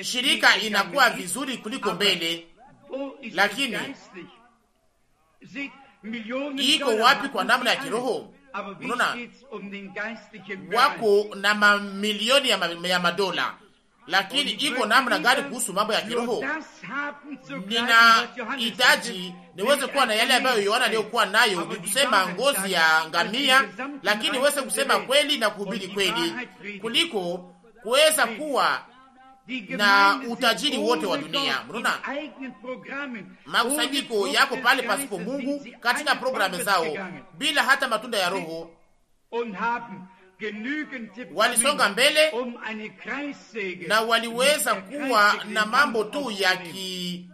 shirika inakuwa vizuri kuliko mbele, lakini iko wapi kwa namna ya kiroho? Mnaona wako na mamilioni ya madola lakini iko namna gani kuhusu mambo ya kiroho? hitaji niweze kuwa na yale ambayo Yohana aliyokuwa nayo, ni kusema ngozi ya ngamia, lakini niweze kusema kweli na kuhubiri kweli, kuliko kuweza kuwa na utajiri wote wa dunia. Mnaona makusanyiko yako pale pasipo Mungu katika programu zao, bila hata matunda ya Roho walisonga mbele um na waliweza kuwa na mambo tu ya ki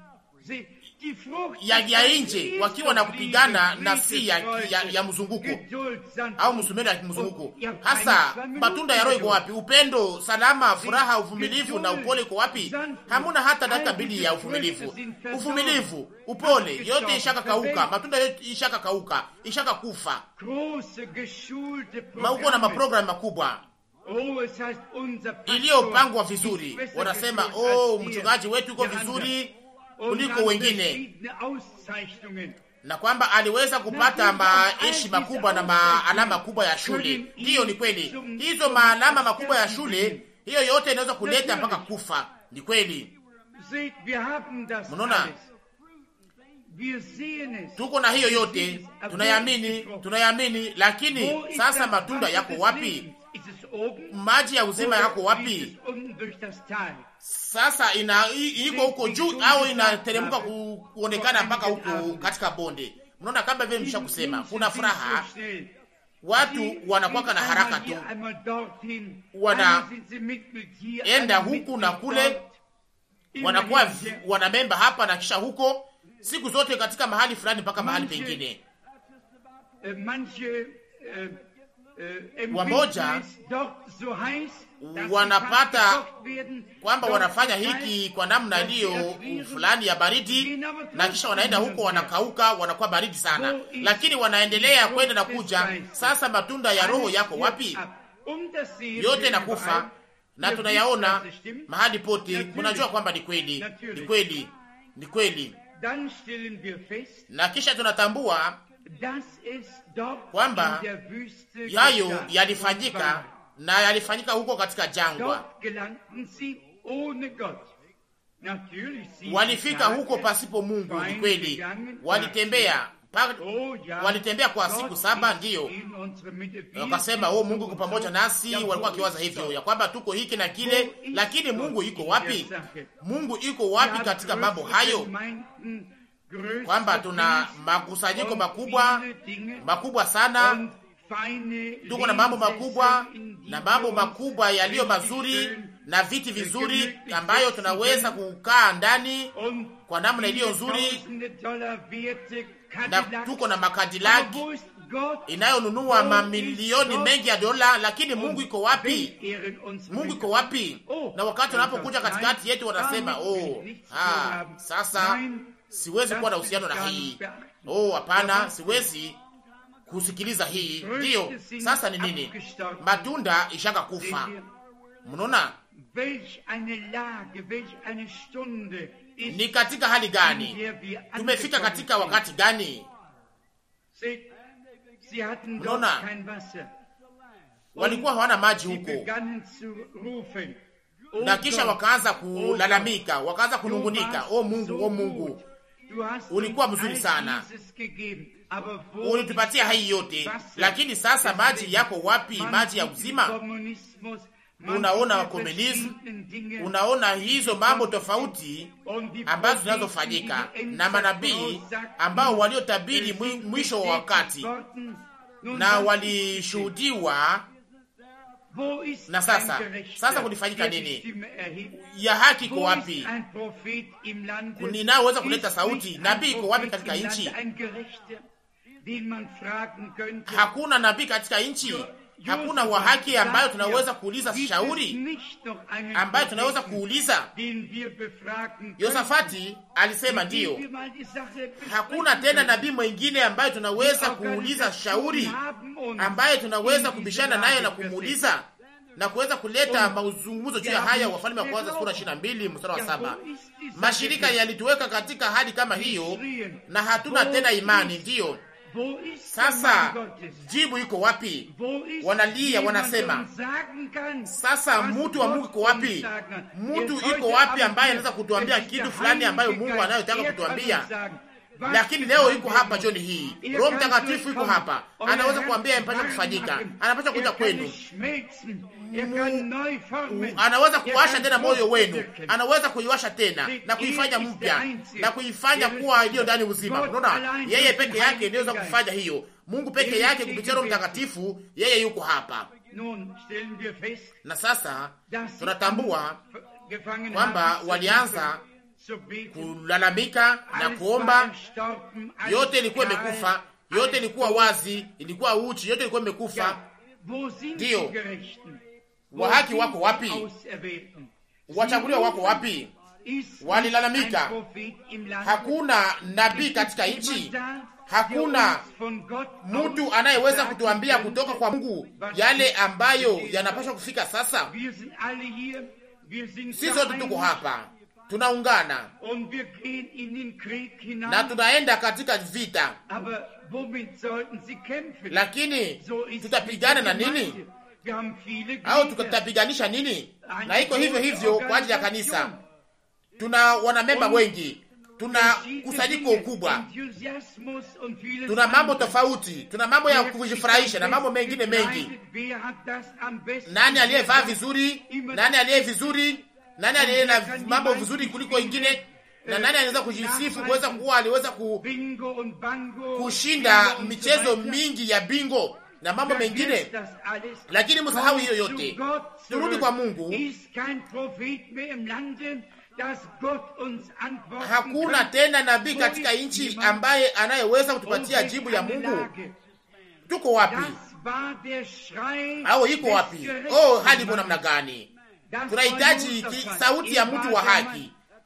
ya, ya nje wakiwa na kupigana na si ya, ya, ya mzunguko au msumeno ya mzunguko. Hasa matunda ya roho iko wapi? Upendo, salama, furaha, uvumilivu na upole iko wapi? Hamuna hata dakika mbili ya uvumilivu. Uvumilivu, upole, yote ishaka kauka, matunda yote ishaka kauka, ishaka kufa. Mauko na maprogramu makubwa iliyopangwa vizuri, wanasema oh, mchungaji wetu iko vizuri kuliko wengine na kwamba aliweza kupata maishi makubwa na maalama kubwa ya shule. Hiyo ni kweli, hizo maalama makubwa ya shule, hiyo yote inaweza kuleta mpaka kufa. Ni kweli, mnaona, tuko na hiyo yote, tunayamini, tunayamini. Lakini sasa matunda yako wapi? Maji ya uzima yako wapi? sasa ina iko huko juu au inateremka kuonekana mpaka huko katika bonde. Mnaona, kama vile nimeshakusema, kuna furaha, watu wanakwaka na haraka tu, wanaenda huku na kule, wanakuwa wanamemba hapa na kisha huko, siku zote katika mahali fulani mpaka mahali pengine. Eh, eh, Eh, wamoja wanapata kwamba wanafanya hiki kwa namna iliyo fulani ya baridi, na kisha wanaenda huko wanakauka, wanakuwa baridi sana, lakini wanaendelea kwenda na kuja. Sasa matunda ya Roho yako wapi? Um, Yote nakufa na tunayaona mahali pote. Unajua kwamba ni kweli, ni kweli, ni kweli, na kisha tunatambua kwamba yayo yalifanyika na yalifanyika huko katika jangwa. Walifika huko pasipo Mungu, ni kweli. Walitembea pa, oh walitembea kwa siku saba, ndiyo wakasema oh, Mungu iko pamoja nasi. Walikuwa wakiwaza hivyo ya kwamba tuko hiki na kile, lakini Mungu iko wapi? Mungu iko wapi katika mambo hayo? kwamba tuna makusanyiko makubwa makubwa sana, tuko na mambo makubwa na mambo makubwa yaliyo mazuri na viti vizuri ambayo tunaweza kukaa ndani kwa namna iliyo nzuri, na tuko na makadilaki inayonunua mamilioni mengi ya dola, lakini Mungu iko wapi? Mungu iko wapi? Oh, na wakati wanapokuja katikati yetu wanasema oh, ah, ha, sasa siwezi kuwa na uhusiano na hii. Oh, hapana, siwezi kusikiliza hii. Ndiyo, sasa ni nini? Matunda ishaka kufa. Mnaona ni katika hali gani tumefika, katika wakati gani? Mnaona walikuwa hawana maji huko, na kisha oh wakaanza oh kulalamika, wakaanza kunungunika, o oh Mungu, o Mungu, ulikuwa mzuri sana, ulitupatia hai yote, lakini sasa maji yako wapi? Maji ya uzima. Unaona komunismu, unaona hizo mambo tofauti ambazo zinazofanyika na manabii ambao waliotabiri mwisho wa wakati na walishuhudiwa na sasa sasa kulifanyika nini? Eh, ya haki iko wapi? Ninaweza kuleta sauti. Nabii iko wapi katika nchi? Hakuna nabii katika nchi Hakuna wa haki ambayo tunaweza kuuliza shauri, ambayo tunaweza kuuliza. Yosafati alisema ndiyo. Hakuna tena nabii mwengine ambayo tunaweza kuuliza shauri, ambayo tunaweza kubishana naye na kumuuliza na kuweza kuleta mazungumzo juu ya haya. Wafalme wa Kwanza sura 22 mstari wa saba. Mashirika yalituweka katika hali kama hiyo, na hatuna tena imani, ndiyo sasa jibu iko wapi? Wanalia, wanasema sasa, mtu wa Mungu iko wapi? Mtu iko wapi ambaye anaweza kutuambia kitu fulani ambayo Mungu anayotaka kutuambia? lakini leo yuko hapa jioni hii. Roho Mtakatifu yuko hapa, anaweza kuambia mpasha kufanyika, anapasha kuja kwenu, anaweza kuwasha tena moyo wenu, anaweza kuiwasha tena na kuifanya mpya na kuifanya kuwa iliyo ndani uzima. Unaona, yeye peke yake ndiweza kufanya hiyo, Mungu peke yake kupitia Roho Mtakatifu, yeye yuko hapa. Na sasa tunatambua kwamba walianza kulalamika na kuomba. Yote ilikuwa imekufa, yote ilikuwa wazi, ilikuwa uchi, yote ilikuwa imekufa. Ndiyo, wa haki wako wapi? Wachaguliwa wako wapi? Walilalamika. Hakuna nabii katika nchi, hakuna mtu anayeweza kutuambia kutoka kwa Mungu yale ambayo yanapaswa kufika sasa. Sisi sote tuko hapa tunaungana na tunaenda katika vita, lakini so tutapigana na nini au tutapiganisha nini? Na iko hivyo hivyo kwa ajili ya kanisa, tuna wanamemba wengi, tuna kusanyiko kubwa, tuna mambo tofauti, tuna mambo ya kujifurahisha na mambo mengine mengi. Nani aliyevaa vizuri? Nani aliye vizuri nani alienda mambo vizuri kuliko wengine? Na nani anaweza kujisifu kuweza kuwa aliweza ku, kushinda michezo mingi ya bingo na mambo mengine? Lakini msahau hiyo yote, turudi kwa Mungu. Hakuna tena nabii katika nchi ambaye anayeweza kutupatia jibu ya Mungu. Tuko wapi au iko wapi? Oh, hali iko namna gani? tunahitaji sauti ya mtu wa haki.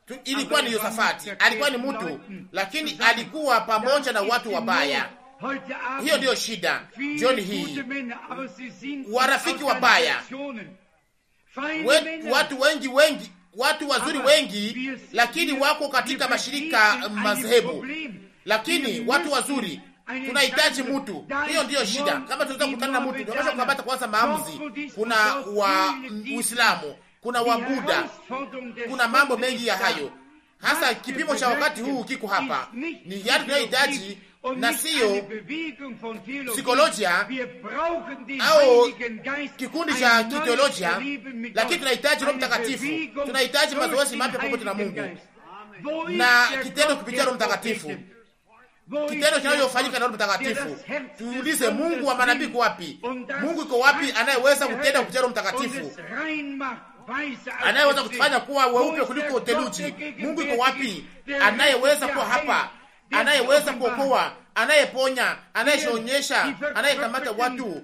Mm. Ilikuwa ni Yosafati, alikuwa ni mtu, lakini alikuwa pamoja na watu wabaya. Hiyo ndiyo shida jioni hii, warafiki wabaya, watu wengi wengi, watu wazuri wengi, lakini wako katika mashirika madhehebu, lakini watu wazuri tunahitaji mtu. Hiyo ndiyo shida. Kama tunaweza kukutana na mtu, tunaweza kupata kwanza maamuzi. Kuna wa mm, Uislamu, kuna wa Wabuda, kuna mambo mengi ya hayo. Hasa kipimo cha wakati huu kiko hapa, ni yale tunayohitaji na siyo psikolojia au kikundi cha kiteolojia, lakini tunahitaji Roho Mtakatifu, tunahitaji mazoezi mapya pamoja na Mungu na kitendo kupitia Roho Mtakatifu kitendo kinachofanyika na Roho Mtakatifu. Tuulize Mungu wa manabii iko wapi? Mungu iko wapi anayeweza kutenda kupitia Roho Mtakatifu, anayeweza kutufanya kuwa weupe kuliko theluji? Mungu iko wapi anayeweza kuwa hapa, anayeweza kuokoa, anayeponya, anayeshonyesha anayekamata watu,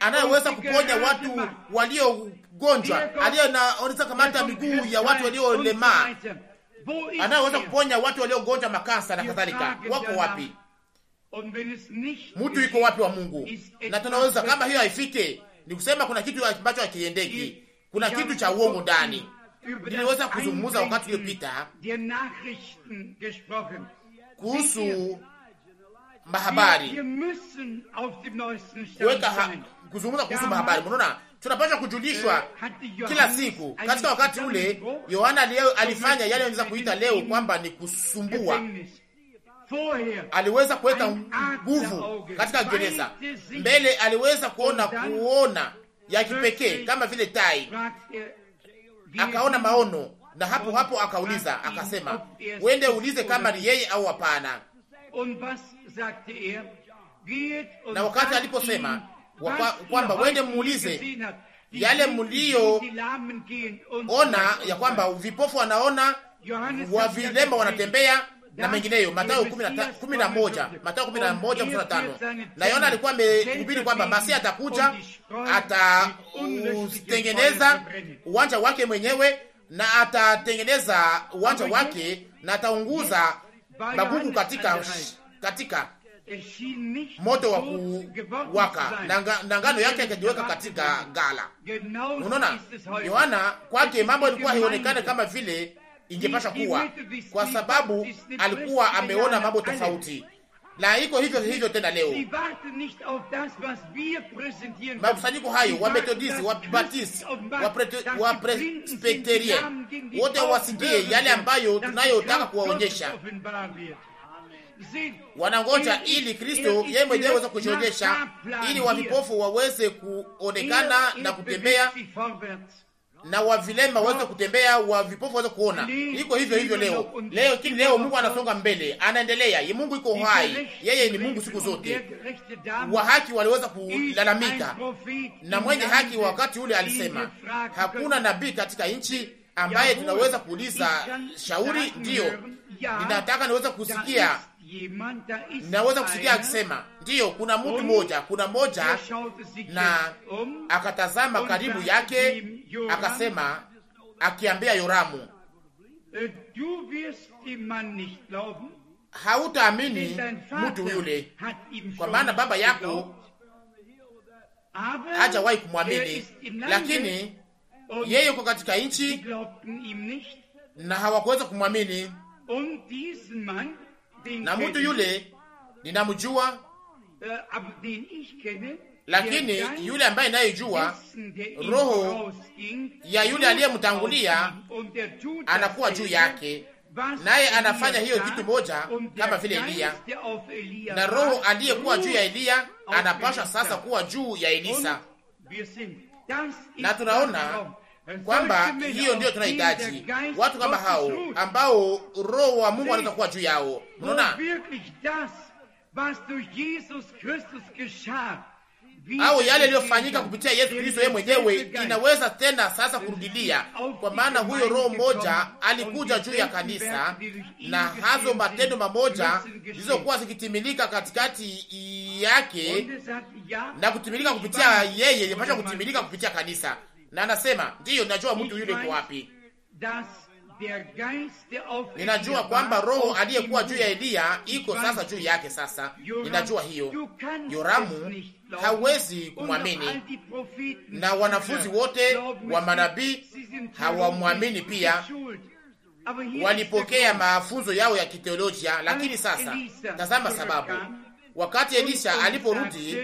anayeweza kuponya watu waliogonjwa, aliye na kamata miguu ya watu waliolemaa anayeweza kuponya watu waliogonjwa makasa na kadhalika, wako wapi? Mtu iko wapi wa Mungu? Na tunaweza kama hiyo haifike, ni kusema kuna kitu ambacho hakiendeki, kuna kitu cha uongo ndani. Niliweza kuzungumza wakati uliopita kuhusu mahabari kuweka kuzungumza kuhusu mahabari, mnaona tunapaswa kujulishwa eh, kila siku. Katika wakati ule Yohana alifanya yale anaweza kuita leo kwamba ni kusumbua aliweza kuweka nguvu katika gereza mbele, aliweza kuona kuona ya kipekee kama vile tai, akaona maono, na hapo hapo akauliza akasema, uende ulize kama ni yeye au hapana. Na wakati aliposema kwamba wende muulize yale mlio ona ya kwamba vipofu wanaona, wavilemba wanatembea na mengineyo. Mathayo kumi er na moja Mathayo kumi na moja mstari tano. Na Yona alikuwa amehubiri kwamba masia atakuja atautengeneza uwanja wake mwenyewe na atatengeneza uwanja wake na ataunguza magugu katika katika moto wa kuwaka na ngano yake akajiweka katika gala. Unaona, Yohana kwake mambo yalikuwa haionekane kama vile ingepasha kuwa, kwa sababu alikuwa ameona mambo tofauti na iko hivyo hivyo tena leo. Makusanyiko hayo Wamethodisti, wa Presbyterian wote wasikie yale ambayo tunayotaka kuwaonyesha wanangoja ili Kristo yeye mwenyewe aweze kujionyesha, ili wavipofu waweze kuonekana na kutembea na wavilema waweze kutembea, wavipofu waweze kuona. Iko hivyo hivyo leo leo, lakini leo Mungu anasonga mbele, anaendelea. Mungu iko hai, yeye ni Mungu siku zote. Wa haki waliweza kulalamika, na mwenye haki wakati ule alisema, hakuna nabii katika nchi ambaye tunaweza kuuliza shauri. Ndiyo, ninataka niweze kusikia naweza kusikia akisema ndiyo, kuna mtu moja, kuna moja, na akatazama karibu yake, akasema akiambia Yoramu, hautaamini mtu yule, kwa maana baba yako hajawahi kumwamini, lakini yeye yuko katika nchi na hawakuweza kumwamini na mtu yule ninamjua, uh, lakini yule ambaye nayejua, roho ya yule aliyemtangulia anakuwa juu yake, naye anafanya hiyo kitu moja kama vile Eliya, na roho aliyekuwa juu ya Eliya anapasha sasa kuwa juu ya Elisa, na tunaona kwamba hiyo ndiyo tunahitaji watu kama hao ambao roho wa Mungu anaweza kuwa juu yao. Unaona au yale yaliyofanyika kupitia Yesu Kristo yeye mwenyewe inaweza tena sasa kurudilia, kwa maana huyo roho moja alikuja juu ya kanisa, na hazo matendo mamoja zilizokuwa zikitimilika katikati yake na kutimilika kupitia yeye, yapasha kutimilika kupitia kanisa na anasema ndiyo, ninajua mtu yule yuko wapi. Ninajua kwamba roho aliyekuwa juu ya Eliya iko sasa juu yake. Sasa ninajua hiyo. Yoramu hawezi kumwamini, na wanafunzi wote wa manabii hawamwamini pia. Walipokea mafunzo yao ya kiteolojia, lakini sasa tazama sababu, wakati Elisha aliporudi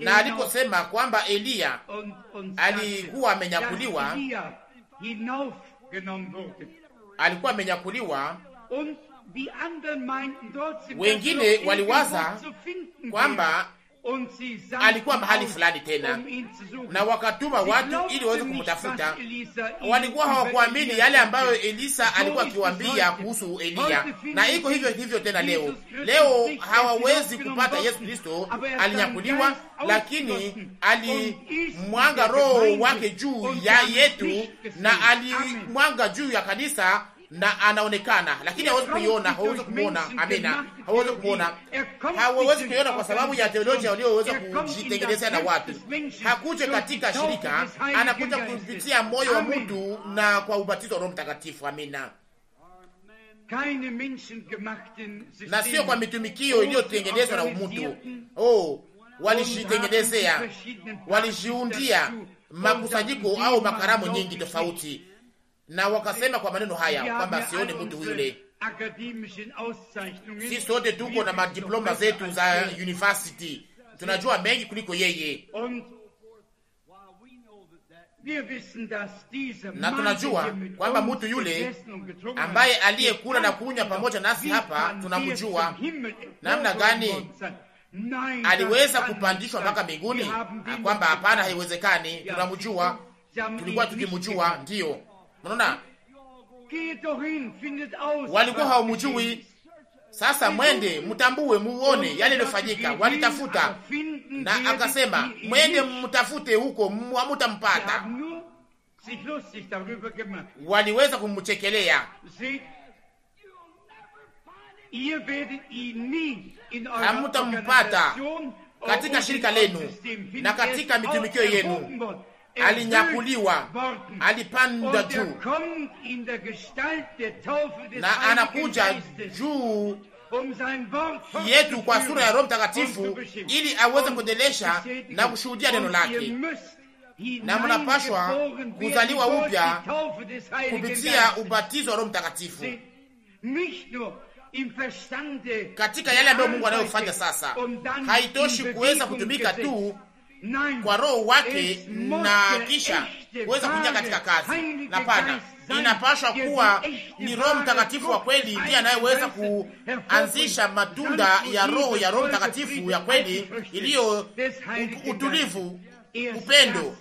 na aliposema kwamba Eliya alikuwa amenyakuliwa, alikuwa amenyakuliwa, um, wengine waliwaza kwamba alikuwa mahali fulani tena, na wakatuma watu ili waweze kumtafuta. Walikuwa hawakuamini yale ambayo Elisa alikuwa akiwaambia kuhusu Eliya, na iko hivyo hivyo tena leo. Leo hawawezi kupata Yesu Kristo, alinyakuliwa, lakini alimwanga roho wake juu ya yetu na alimwanga juu ya kanisa na anaonekana, lakini hawezi kuiona, hawezi kumwona. Amina, hawezi kumwona, hawezi kuiona kwa sababu ya teolojia walioweza kujitengenezea na watu. Hakuja katika shirika, anakuja kupitia moyo wa mtu na kwa ubatizo wa Roho Mtakatifu. Amina, na sio kwa mitumikio iliyotengenezwa na mtu. Oh, walishitengenezea, walijiundia makusanyiko au makaramu nyingi tofauti na wakasema kwa maneno haya kwamba sioni mtu yule. Si sote tuko na madiploma zetu za university, tunajua mengi kuliko yeye, na tunajua kwamba mtu yule ambaye aliyekula na kunywa pamoja nasi hapa, tunamjua namna gani aliweza kupandishwa mpaka mbinguni, kwamba hapana, haiwezekani. Tunamjua, tulikuwa tukimjua, ndiyo Mnaona, walikuwa hawamjui. Sasa mwende mtambue, muone yale yaliyofanyika. Walitafuta na akasema, mwende mtafute huko, hamutampata. Waliweza kumchekelea hamutampata katika shirika lenu na katika mitumikio yenu alinyakuliwa, alipanda juu na anakuja juu yetu kwa sura ya Roho Mtakatifu ili aweze kuendelesha na kushuhudia neno lake. Na mnapashwa kuzaliwa upya kupitia ubatizo wa Roho Mtakatifu katika yale ambayo Mungu anayofanya sasa. Haitoshi kuweza kutumika tu kwa roho wake na kisha kuweza kuingia katika kazi. Hapana, inapashwa kuwa ni Roho Mtakatifu wa kweli ndiye anayeweza kuanzisha matunda ya roho ya Roho Mtakatifu ya kweli iliyo utulivu, upendo,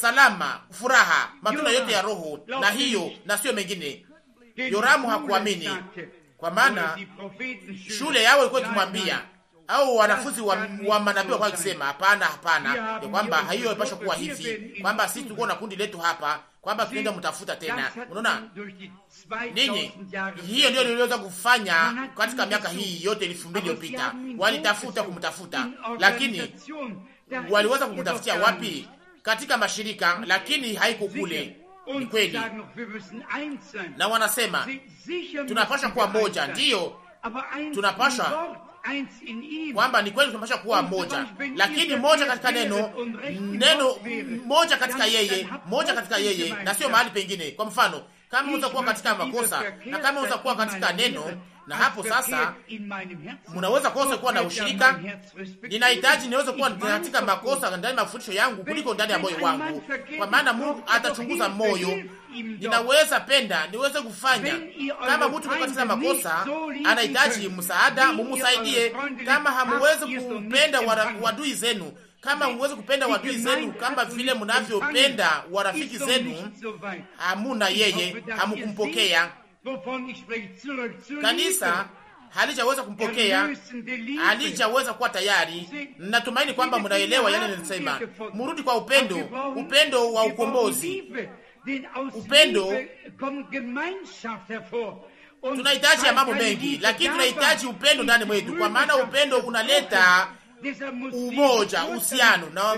salama, furaha, matunda yote ya Roho, na hiyo na sio mengine. Yoramu hakuamini, kwa maana shule yao ilikuwa ikimwambia au wanafunzi wa, wa manabii wakawa wakisema hapana, hapana, ya kwamba hiyo ipasha kuwa hivi, kwamba sisi tuko na kundi letu hapa, kwamba tunaenda mtafuta tena. Unaona ninyi, hiyo ndio niliweza kufanya katika miaka hii yote elfu mbili iliyopita. Walitafuta kumtafuta, lakini waliweza kumtafutia wapi? Katika mashirika, lakini haiko kule. Ni kweli, na wanasema tunapasha kuwa moja, ndiyo tunapasha kwamba ni kweli tunapasha kuwa moja, lakini moja katika neno neno, moja katika yeye, moja katika yeye na sio mahali pengine. Kwa mfano, kama uzakuwa katika makosa na kama uzakuwa katika neno na hapo sasa mnaweza kosa kuwa na ushirika. Ninahitaji niweze kuwa katika makosa ndani ya mafundisho yangu kuliko ndani ya moyo wangu, kwa maana Mungu atachunguza moyo. Ninaweza penda niweze kufanya kama mtu katika makosa anahitaji msaada, mumusaidie. Kama hamuwezi kupenda wadui zenu kama uweze kupenda wadui zenu kama vile mnavyopenda warafiki zenu, hamuna yeye, hamkumpokea Kanisa halijaweza kumpokea, halijaweza kuwa tayari. Natumaini kwamba mnaelewa yale nilisema. Murudi kwa upendo, upendo wa ukombozi, upendo. Tunahitaji ya mambo mengi, lakini tunahitaji upendo ndani mwetu, kwa maana upendo unaleta umoja, uhusiano na,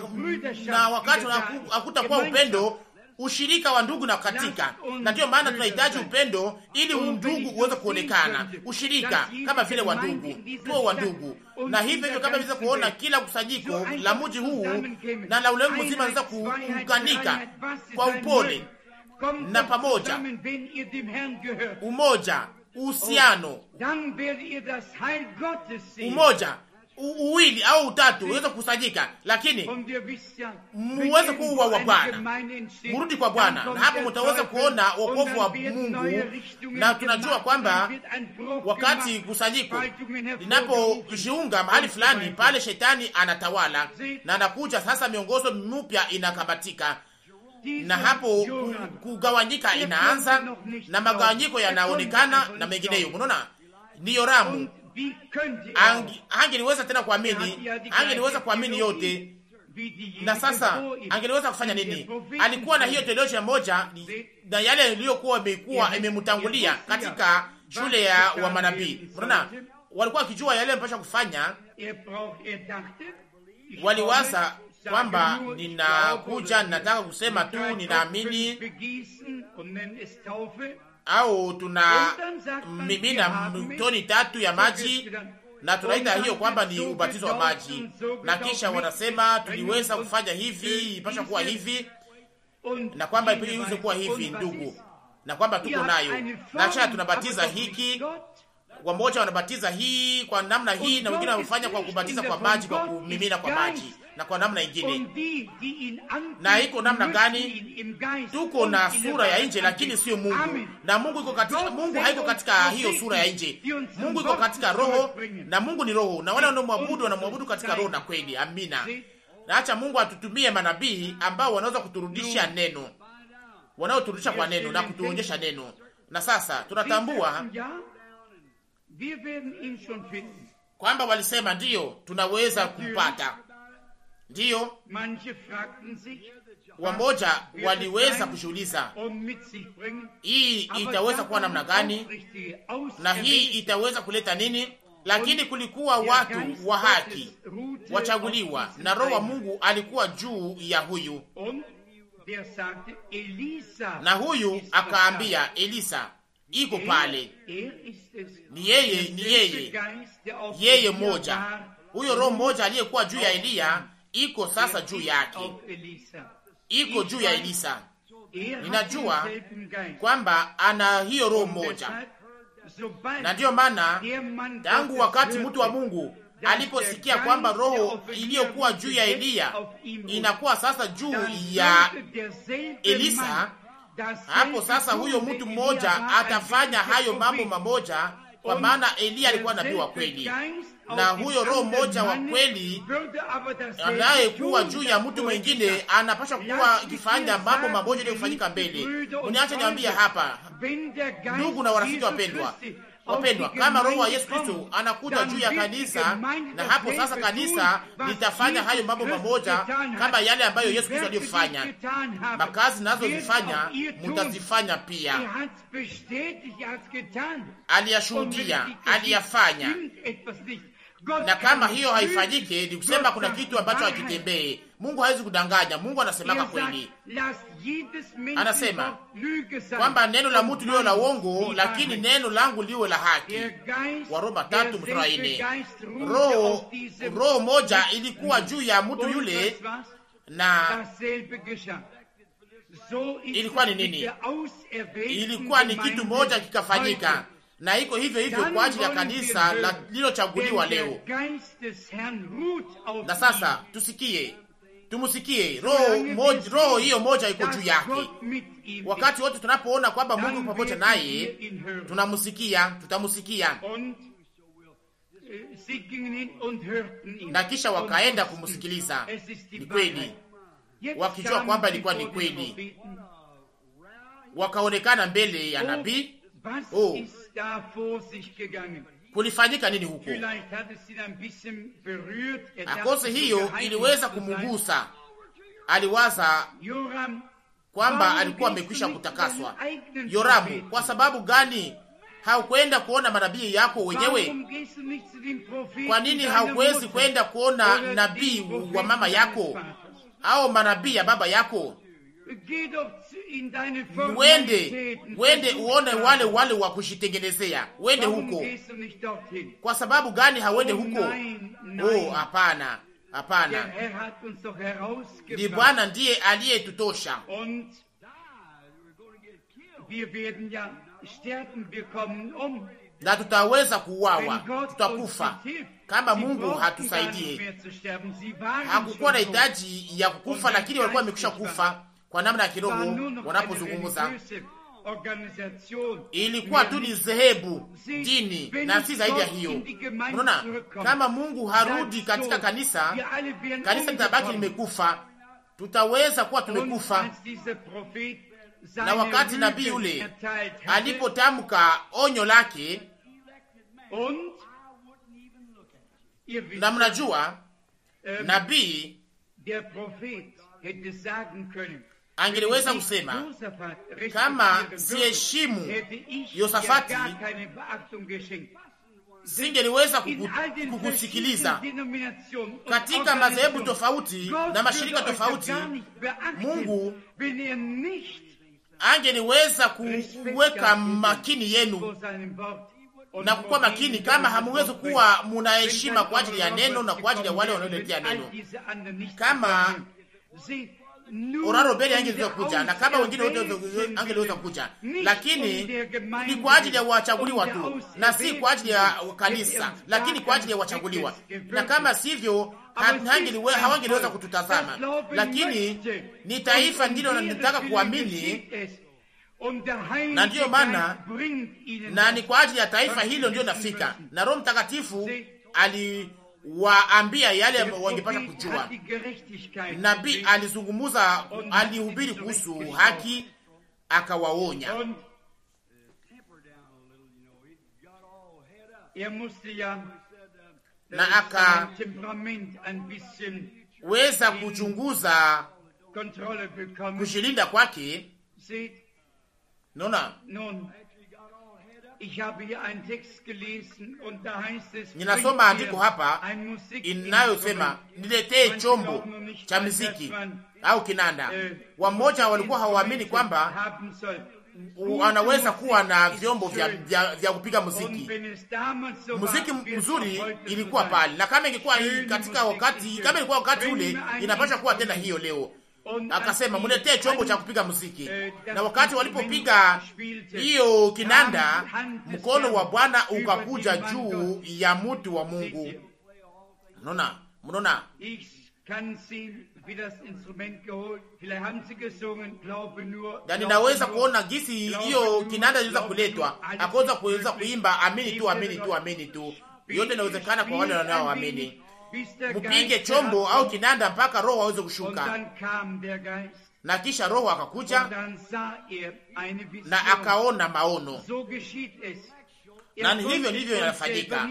na wakati hakutakuwa upendo ushirika wa ndugu na katika, na ndiyo maana tunahitaji upendo ili undugu uweze kuonekana, ushirika kama vile wa ndugu, tuo wa ndugu, na hivyo hivyo kama vile kuona kila kusanyiko la mji huu na la ulimwengu mzima naweza kuunganika kwa upole na pamoja, umoja, oh, uhusiano, umoja uwili au utatu uweze kukusanyika, lakini muweze kuwa wa Bwana, murudi kwa Bwana, na hapo mutaweza kuona wokovu wa Mungu. Na tunajua kwamba wakati kusanyiko linapojiunga mahali fulani, pale shetani anatawala na anakuja sasa, miongozo mupya inakabatika na hapo kugawanyika inaanza, na magawanyiko yanaonekana na mengineyo. Mnaona, ndiyo ramu angeliweza tena kuamini, angeliweza kuamini yote. Na sasa angeliweza kufanya nini? Alikuwa na hiyo teolojia moja na yale yaliyokuwa imekuwa imemtangulia katika shule ya wa manabii. Unaona, walikuwa wakijua yale mpasha kufanya, waliwaza kwamba ninakuja, ninataka kusema tu ninaamini au tuna mimina toni tatu ya maji na tunaita hiyo kwamba ni ubatizo wa maji, na kisha wanasema tuliweza kufanya hivi, ipasha kuwa hivi na kwamba iweze kuwa hivi, ndugu, na kwamba tuko nayo na cha tunabatiza hiki wamoja wanabatiza hii kwa namna hii, na wengine wanafanya kwa kubatiza kwa maji, kwa kumimina kwa maji na kwa namna ingine, na iko namna gani? Tuko na sura ya nje, lakini sio Mungu, na Mungu iko katika, Mungu haiko katika hiyo sura ya nje. Mungu iko katika Roho, na Mungu ni Roho, na wale wanaomwabudu wanamwabudu katika Roho na kweli. Amina. Na acha Mungu atutumie manabii ambao wanaweza kuturudisha neno, wanaoturudisha kwa neno na kutuonyesha neno. Na sasa tunatambua kwamba walisema ndiyo, tunaweza kumpata Ndiyo, wamoja waliweza kujiuliza um hii itaweza kuwa namna gani na hii itaweza kuleta nini, lakini kulikuwa watu wa haki wachaguliwa, na Roho wa Mungu alikuwa juu ya huyu, na huyu akaambia Elisa er, iko pale, er ni yeye, ni yeye, yeye moja, huyo roho moja aliyekuwa juu ya Eliya iko sasa juu yake, iko juu ya Elisa. Ninajua kwamba ana hiyo roho moja, na ndiyo maana tangu wakati mtu wa Mungu aliposikia kwamba roho iliyokuwa juu ya Eliya inakuwa sasa juu ya Elisa, hapo sasa huyo mtu mmoja atafanya hayo mambo mamoja, kwa maana Eliya alikuwa nabii wa kweli na huyo roho mmoja wa kweli anayekuwa juu ya mtu mwingine anapaswa kuwa ikifanya mambo mamoja ili kufanyika mbele. Uniache niambie hapa, ndugu na warafiki wapendwa, wapendwa, kama roho wa Yesu Kristo anakuja juu ya kanisa, na hapo sasa kanisa litafanya hayo mambo mamoja kama yale ambayo Yesu Kristo aliyofanya. Makazi nazozifanya mtazifanya pia, aliyashuhudia, aliyafanya na kama hiyo haifanyike, ni kusema kuna kitu ambacho hakitembee. Mungu hawezi kudanganya. Mungu anasemaka kweli, anasema kwamba neno la mtu liwe la uongo, lakini neno langu liwe la haki. Waroma tatu mstari ine. Roho roho moja ilikuwa mm. juu ya mtu yule, na ilikuwa ni nini? Ilikuwa ni kitu moja kikafanyika na iko hivyo hivyo kwa ajili ya kanisa lililochaguliwa leo. Na sasa tusikie, tumusikie roho moja, roho hiyo moja iko juu yake. Wakati wote tunapoona kwamba Mungu pamoja naye, tunamusikia, tutamusikia eh, na kisha wakaenda kumusikiliza, Ni kweli, wakijua kwamba ilikuwa ni kweli, wakaonekana mbele ya oh, nabii oh Kulifanyika nini huko? akose er hiyo iliweza kumugusa, aliwaza kwamba alikuwa amekwisha kutakaswa. Yoramu, kwa sababu gani haukwenda kuona manabii yako wenyewe? Kwa nini haukuwezi kwenda kuona nabii wa mama yako au manabii ya baba yako? Wende, wende uone wale wale wa kushitengenezea, wende huko. Kwa sababu gani hawende oh, huko? Oh, hapana, hapana, ni Bwana ndiye aliyetutosha um. na tutaweza kuuawa, tutakufa kama Mungu hatusaidie. Hakukuwa na hitaji ya kukufa, lakini walikuwa wamekwisha kufa kwa namna ya kiroho wanapozungumza ilikuwa tu ni zehebu dini na si zaidi ya hiyo. Unaona, kama Mungu harudi katika kanisa, kanisa litabaki limekufa, tutaweza kuwa tumekufa. Uh, na wakati nabii yule alipotamka onyo lake, na mnajua um, nabii angeliweza kusema kama siheshimu Yosafati singeliweza kukusikiliza. Katika madhehebu tofauti na mashirika tofauti, Mungu angeliweza kuweka makini yenu na kukuwa makini, kama hamuwezi kuwa muna heshima kwa ajili ya neno na kwa ajili ya wale wanaoletea neno kama Oraro Beli angeweza kuja na kama wengine wote angeweza kuja, lakini ni kwa ajili ya wachaguliwa tu na si kwa ajili ya kanisa, lakini kwa ajili ya wachaguliwa, na kama sivyo hawangeliweza kututazama. Lakini ni taifa ndilo nataka kuamini, na ndiyo maana na ni kwa ajili ya taifa hilo ndiyo nafika, na Roho Mtakatifu ali waambia yale wangepata kujua. Nabii alizungumuza, alihubiri kuhusu haki, akawaonya uh, na akaweza kuchunguza kushilinda kwake. Naona Ninasoma andiko hapa inayosema niletee chombo cha muziki au kinanda. Äh, Wamoja walikuwa hawaamini kwamba anaweza kuwa na vyombo vya, vya, vya kupiga muziki. Muziki mzuri ilikuwa pale, na kama ingekuwa katika wakati, kama ilikuwa wakati ule, inapasha kuwa tena hiyo leo akasema mulete chombo cha kupiga muziki. Eh, na wakati walipopiga hiyo kinanda, mkono wa Bwana ukakuja juu ya mtu wa Mungu. Mnaona, mnaona na yaani naweza kuona gisi hiyo kinanda iliweza kuletwa, akaweza kuweza kuimba, amini tu, amini tu, amini tu. Yote inawezekana kwa wale wanaoamini mupige chombo au kinanda mpaka roho aweze kushuka. Na kisha roho akakuja er na akaona maono, er na hivyo ndivyo inafanyika.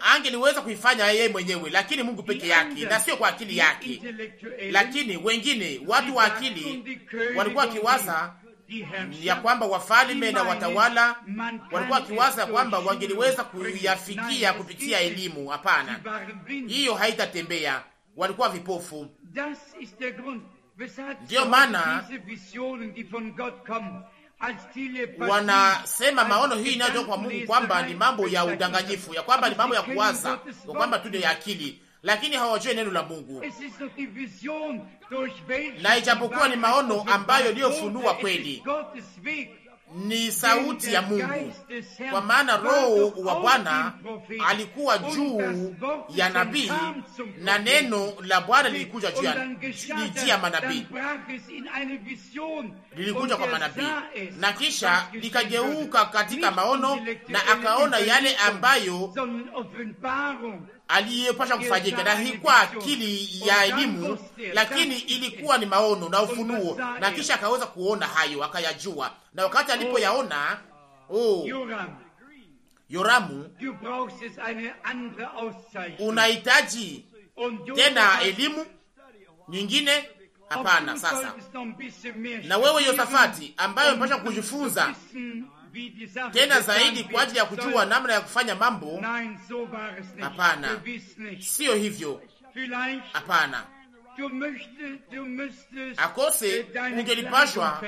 Angeliweza kuifanya yeye mwenyewe, lakini Mungu peke yake na sio kwa akili yake. Lakini wengine watu wa akili walikuwa wakiwaza ya kwamba wafalme na watawala walikuwa wakiwaza kwamba wangeliweza kuyafikia kupitia elimu. Hapana, hiyo haitatembea. Walikuwa vipofu. Ndiyo maana wanasema maono hii inayotoka kwa Mungu kwamba ni mambo ya udanganyifu, ya kwamba ni mambo ya kuwaza, kwa kwamba tu ni akili lakini hawajui neno la Mungu, na ijapokuwa ni maono ambayo iliyofunua kweli ni sauti ya Mungu, kwa maana Roho wa Bwana alikuwa juu ya nabii na neno la Bwana lilikuja juu ya manabii, lilikuja kwa manabii, na kisha likageuka katika maono, na akaona yale ambayo aliyepasha kufanyika, na ilikuwa akili ya elimu, lakini ilikuwa ni maono na ufunuo, na kisha akaweza kuona hayo akayajua, na wakati oh. alipoyaona oh, Yoramu, unahitaji tena elimu nyingine? Hapana. Sasa na wewe Yosafati, ambayo mpasha kujifunza tena zaidi kwa ajili ya kujua namna ya kufanya mambo. Hapana, siyo hivyo, hapana akose ungelipashwa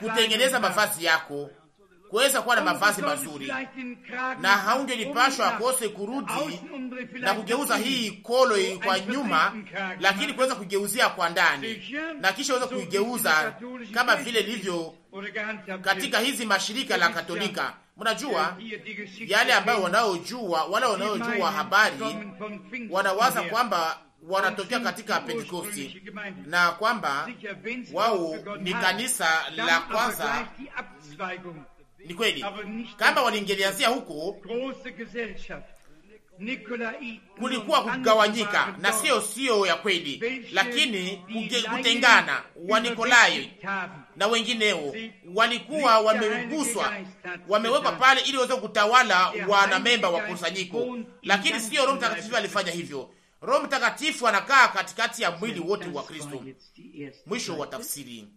kutengeneza mavazi yako kuweza kuwa na mavazi mazuri, na haungelipashwa akose kurudi um na kugeuza hii kolo kwa nyuma, lakini kuweza kuigeuzia kwa ndani na kisha weza kuigeuza kama vile livyo katika hizi mashirika la Katolika. Mnajua yale ambayo wanaojua wala wanaojua habari wanawaza kwamba wanatokea katika Pentekosti na kwamba wao ni kanisa la kwanza. Ni kweli, kama walingelianzia huko kulikuwa kugawanyika na sio sio ya kweli, lakini kutengana wa Nikolai na wengineo walikuwa wameguswa, wamewekwa pale ili waweze kutawala wanamemba wa kusanyiko, lakini sio Roho Mtakatifu alifanya hivyo. Roho Mtakatifu anakaa katikati ya mwili wote wa Kristo. Mwisho wa tafsiri,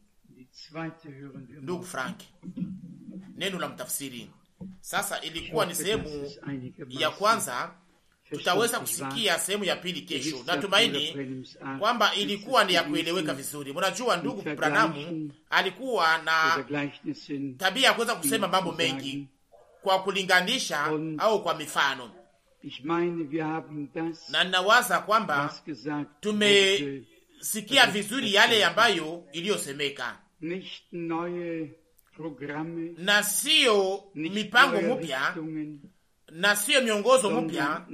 ndugu Frank, neno la mtafsiri. Sasa ilikuwa ni sehemu ya kwanza tutaweza kusikia sehemu ya pili kesho. Natumaini kwamba ilikuwa ni ya kueleweka vizuri. Mnajua, ndugu Branamu alikuwa na tabia ya kuweza kusema mambo mengi kwa kulinganisha au kwa mifano, na ninawaza kwamba tumesikia vizuri yale ambayo iliyosemeka na siyo mipango mupya na siyo miongozo mpya,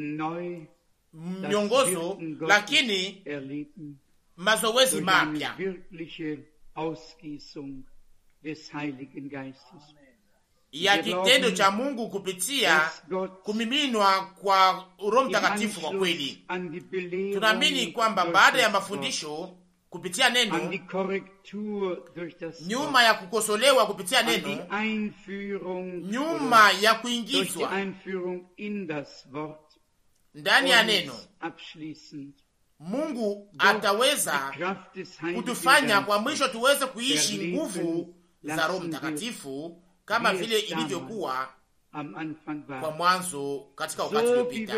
miongozo lakini mazoezi mapya ya kitendo cha Mungu kupitia kumiminwa kwa Roho Mtakatifu. Kwa kweli tunaamini kwamba baada ya mafundisho kupitia neno, nyuma ya kukosolewa kupitia neno, nyuma ya kuingizwa ndani ya neno, Mungu ataweza kutufanya kwa mwisho tuweze kuishi nguvu za Roho Mtakatifu kama vile ilivyokuwa kwa mwanzo katika wakati uliopita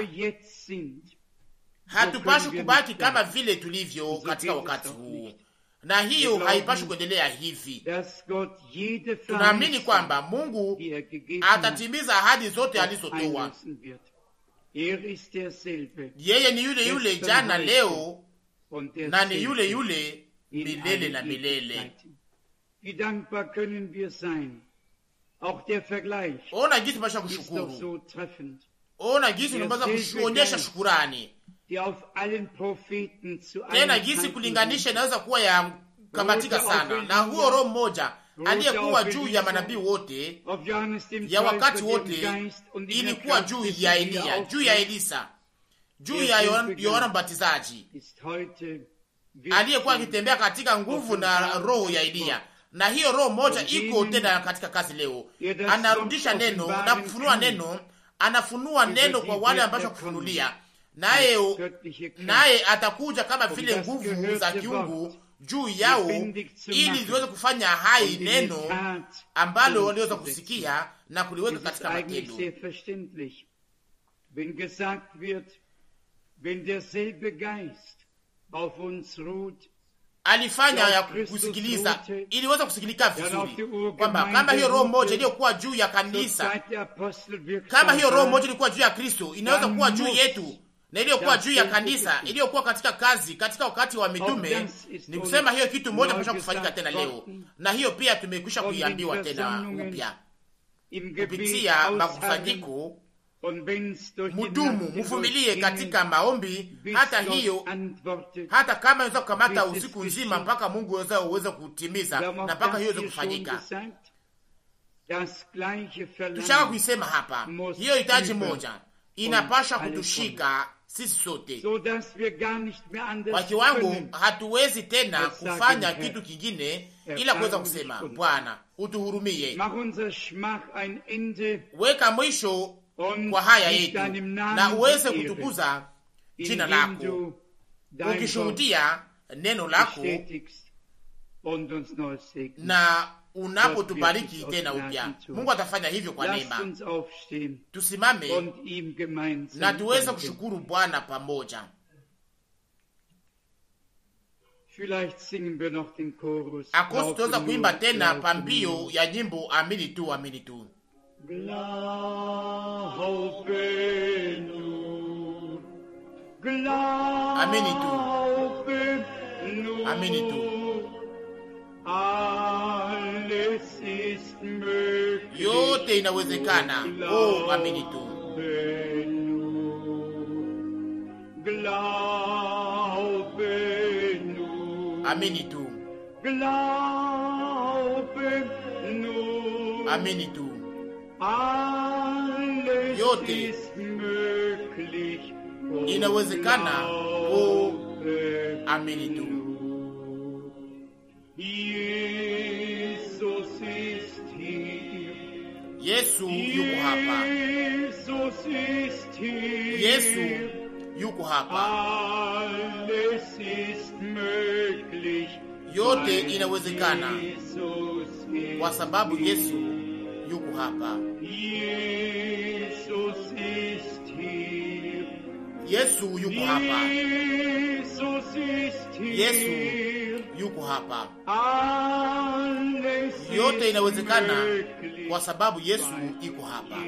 hatupashi kubaki kama vile tulivyo katika wakati huu, na hiyo haipashi kuendelea hivi. Tunaamini kwamba Mungu atatimiza ahadi zote alizotoa. Yeye ni yule yule jana, leo na ni yule yule milele na milele. Ona jinsi tunapasha kushukuru, ona jinsi tunapasha kuonyesha shukurani tena jinsi kulinganisha inaweza kuwa ya kamatika sana, na huo roho mmoja aliyekuwa juu ya manabii wote ya wakati wote ilikuwa juu ya Eliya, juu ya Elisa, juu ya Yohana Mbatizaji aliyekuwa akitembea katika nguvu na roho ya Eliya. Na hiyo roho moja iko tena katika kazi leo, anarudisha neno na kufunua neno, anafunua neno kwa wale ambao kufunulia naye naye atakuja kama vile nguvu za kiungu juu yao ili ziweze kufanya hai neno ambalo waliweza kusikia na kuliweka katika matendo. Alifanya ya kusikiliza iliweza kusikilika vizuri, kwamba kama hiyo roho moja iliyokuwa juu ya kanisa, kama hiyo roho moja ilikuwa juu ya Kristo, inaweza kuwa juu yetu na iliyokuwa juu ya kanisa iliyokuwa katika kazi katika wakati wa mitume. Ni kusema hiyo kitu moja kisha kufanyika tena leo, na hiyo pia tumekwisha kuiambiwa tena upya kupitia makusanyiko. Mudumu, mvumilie katika maombi, hata hiyo hata kama inaweza kukamata usiku nzima, mpaka Mungu aweza uweze kutimiza na mpaka hiyo iweze kufanyika. Tushaka kuisema hapa, hiyo hitaji moja inapasha kutushika sisi sote. So wake wangu, hatuwezi tena kufanya kitu kingine ila kuweza kusema Bwana, utuhurumie, weka mwisho kwa haya yetu na uweze kutukuza jina lako, ukishuhudia neno lako na unapotubariki tena upya. Mungu atafanya hivyo kwa neema. Tusimame na tuweze kushukuru Bwana pamoja. Akosi tuweza kuimba tena pambio ya nyimbo amini tu, amini tu. Amini tu. Amini tu yote inawezekana. Oh, amini tu amini tu amini tu, yote oh, inawezekana. Oh, amini tu. Yesu yuko hapa. Yesu yuko hapa. Yote inawezekana kwa sababu Yesu yuko hapa. Yesu yuko hapa, Yesu yuko hapa. Yote inawezekana kwa sababu Yesu yuko hapa.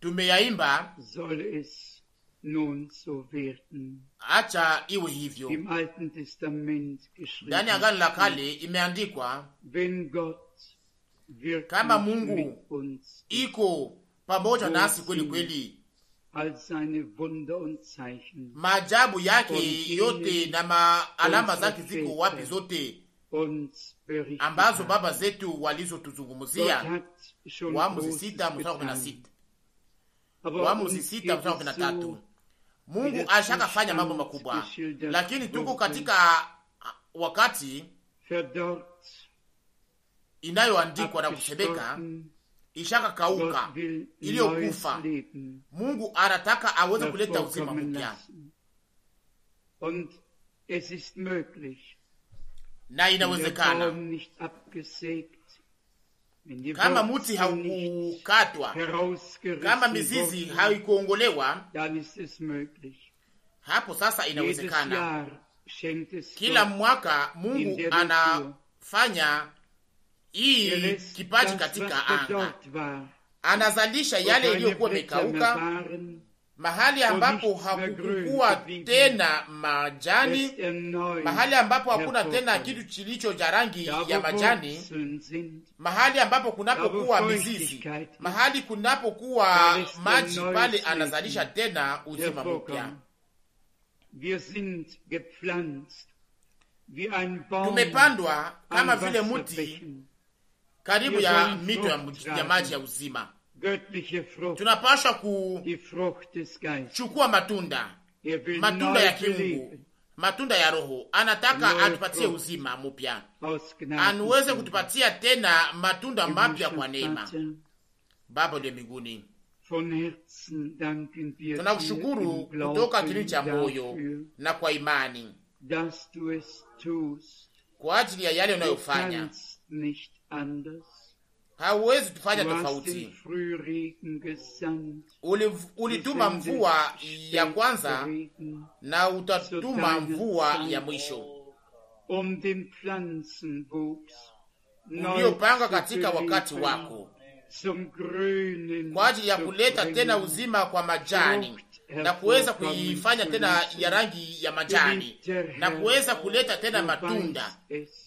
Tumeyaimba Nun so werden. Acha iwe hivyo. Im Alten Testament geschrieben. Ndani ya Agano la Kale imeandikwa Wenn Gott kama Mungu iko pamoja nasi kweli kweli, maajabu yake yote na maalama zake ziko wapi zote ambazo baba zetu walizotuzungumzia? Waamuzi sita mstari wa kumi na tatu. Mungu ashakafanya mambo makubwa, lakini tuko katika ah, wakati inayoandikwa na kusemeka ishaka kauka iliyokufa. Mungu anataka aweze kuleta uzima mpya na inawezekana kama muti haukukatwa, kama mizizi haikuongolewa, hapo sasa inawezekana. Kila mwaka Mungu anafanya hii kipaji katika anga, anazalisha yale iliyokuwa imekauka mahali ambapo hakukuwa tena majani, mahali ambapo hakuna tena kitu kilicho cha rangi ya majani, mahali ambapo kunapokuwa mizizi, mahali kunapokuwa maji, pale anazalisha tena uzima mpya. Tumepandwa kama vile mti karibu ya mito ya maji ya uzima tunapashwa kuchukua matunda, matunda ya kiungu, matunda ya Roho. Anataka atupatie uzima mupya, anuweze kutupatia tena matunda mapya kwa neema. Baba uliye mbinguni, tunakushukuru kutoka kilindi cha moyo na kwa imani kwa ajili ya yale unayofanya hauwezi kufanya tofauti. Ulituma mvua ya kwanza na utatuma mvua ya mwisho uliyopanga katika wakati wako, kwa ajili ya kuleta tena uzima kwa majani na kuweza kuifanya tena ya rangi ya majani na kuweza kuleta tena matunda.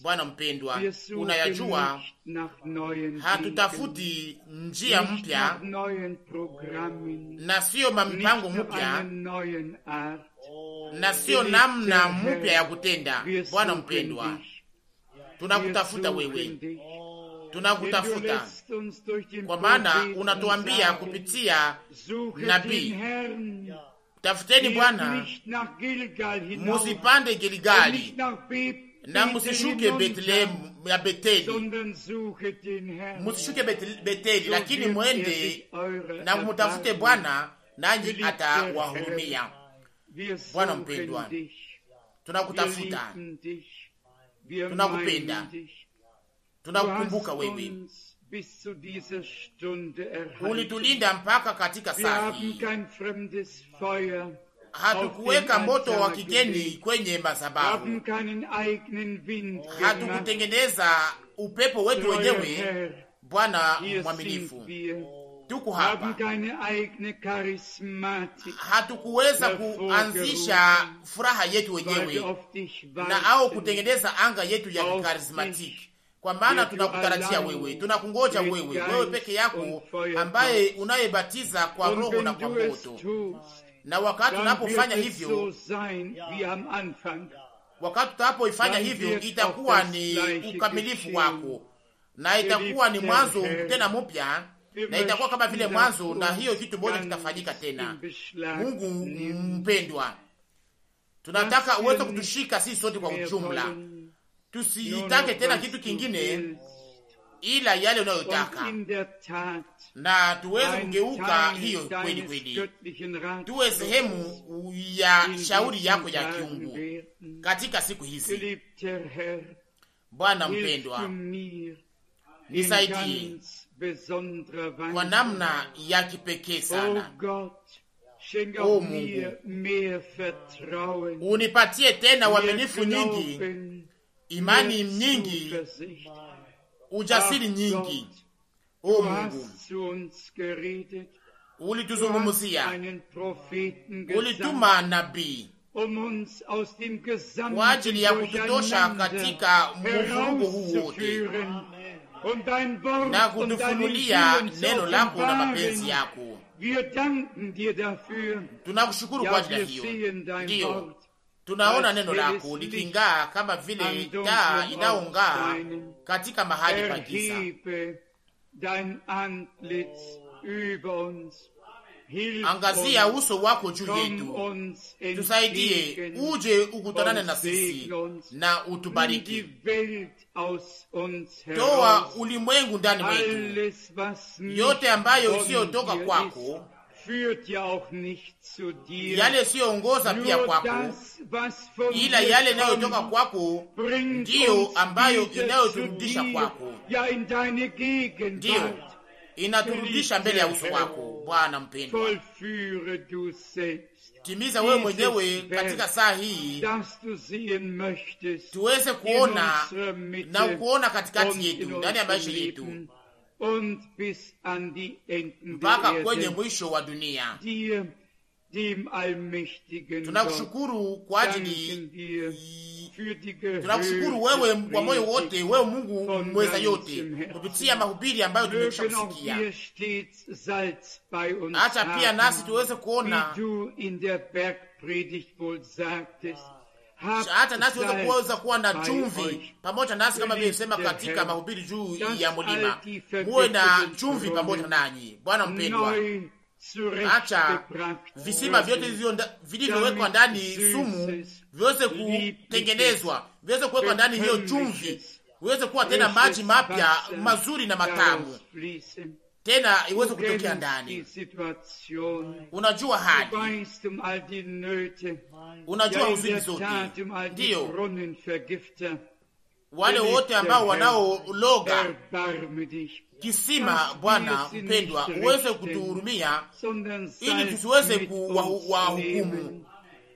Bwana mpendwa, unayajua, hatutafuti njia mpya na siyo mipango mpya na siyo namna mpya ya kutenda. Bwana mpendwa, tunakutafuta wewe tunakutafuta, kwa maana unatuambia kupitia nabii, tafuteni Bwana, musipande Giligali na musishuke Betlehemu ya Beteli, musishuke Beteli, lakini mwende er na mutafute Bwana, nanyi atawahurumia. Bwana mpendwa, tunakutafuta, tunakupenda tunakukumbuka wewe, ulitulinda mpaka katika saa Hatukuweka moto wa kigeni kwenye mazabahu, hatukutengeneza upepo wetu wenyewe. Bwana mwaminifu, tuko hapa. Hatukuweza kuanzisha furaha yetu wenyewe na au kutengeneza anga yetu ya kikarismatiki kwa maana tunakutarajia wewe, tunakungoja wewe, wewe peke yako ambaye unayebatiza kwa Roho na kwa moto. Na wakati unapofanya hivyo, wakati tutapoifanya hivyo, itakuwa ni ukamilifu wako na itakuwa ni mwanzo tena mpya na itakuwa kama vile mwanzo, na hiyo kitu moja kitafanyika tena. Mungu mpendwa, tunataka uweze kutushika sisi sote kwa ujumla tusitake tena kitu kingine ila yale unayotaka, na tuweze kugeuka hiyo kweli kweli, tuwe sehemu ya shauri yako ya kiungu katika siku hizi. Bwana mpendwa, nisaidie kwa namna ya kipekee sana. O oh Mungu, unipatie tena uaminifu nyingi imani nyingi, ujasiri nyingi. O Mungu, ulituzungumzia, ulituma nabii um kwa ajili ya kututosha katika muvurugu huu wote na kutufunulia neno lako na mapenzi yako. Tunakushukuru kwa ajili ya hiyo, ndiyo tunaona neno lako likingaa kama vile taa inaongaa katika mahali pa giza. Eh, Angazia uso wako juu yetu, tusaidie, uje ukutanane na sisi na utubariki. Toa ulimwengu ndani mwetu, yote ambayo isiyotoka kwako yale siyoongoza pia kwako, ila yale inayotoka kwako ndiyo ambayo inayoturudisha kwako, ndiyo inaturudisha mbele ya uso wako. Bwana mpendwa, timiza wewe mwenyewe katika saa hii, tuweze kuona na kuona katikati yetu, ndani ya maisha yetu mpaka kwenye mwisho wa dunia. Tunakushukuru kwa ajili, tunakushukuru wewe kwa moyo wote, wewe Mungu mweza yote, kupitia mahubiri ambayo tumekwisha kusikia. Acha pia nasi tuweze kuona hata nasi tuweze kuweza kuwa na chumvi pamoja nasi, kama vile sema katika mahubiri juu ya mlima muwe na chumvi pamoja nanyi. Bwana mpendwa, acha visima vyote vilivyowekwa ndani sumu viweze kutengenezwa, viweze kuwekwa ndani hiyo chumvi, viweze kuwa tena maji mapya mazuri na matamu tena iweze kutokea ndani. Unajua hadi unajua huzuni zote, ndiyo wale wote ambao wanaologa kisima. Bwana mpendwa, uweze kutuhurumia ili tusiweze kuwahukumu,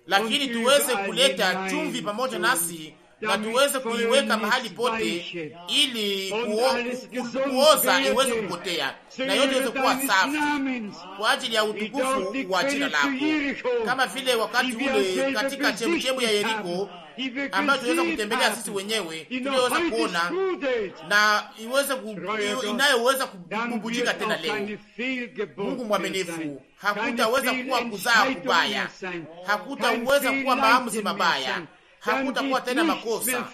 lakini tuweze kuleta chumvi pamoja nasi na tuweze kuiweka mahali pote, ili kuoza iweze kupotea na yote iweze kuwa safi kwa ajili ya utukufu wa jina lako, kama vile wakati ule katika chemchemu ya Yeriko ambayo tuweza kutembelea sisi wenyewe tulioweza kuona na iweze inayoweza kububujika tena leo. Mungu mwaminifu, hakutaweza kuwa kuzaa kubaya, hakutaweza kuwa maamuzi mabaya hakutakuwa tena makosa,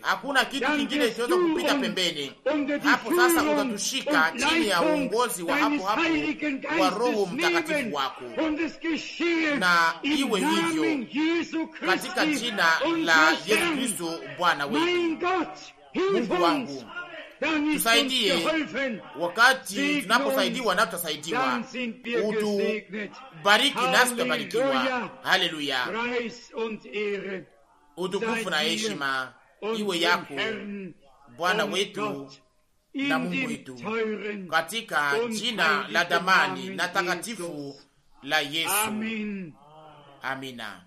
hakuna kitu kingine kiweza kupita pembeni hapo. Sasa utatushika chini ya uongozi wa hapo hapo wa Roho Mtakatifu wako, na iwe hivyo katika jina la Yesu Kristo Bwana wetu. Mungu wangu tusaidie wakati tunaposaidiwa na tutasaidiwa, utubariki nasi tutabarikiwa. Haleluya! utukufu na heshima iwe yako Bwana wetu na Mungu wetu, katika jina la damani na takatifu la Yesu. Amina.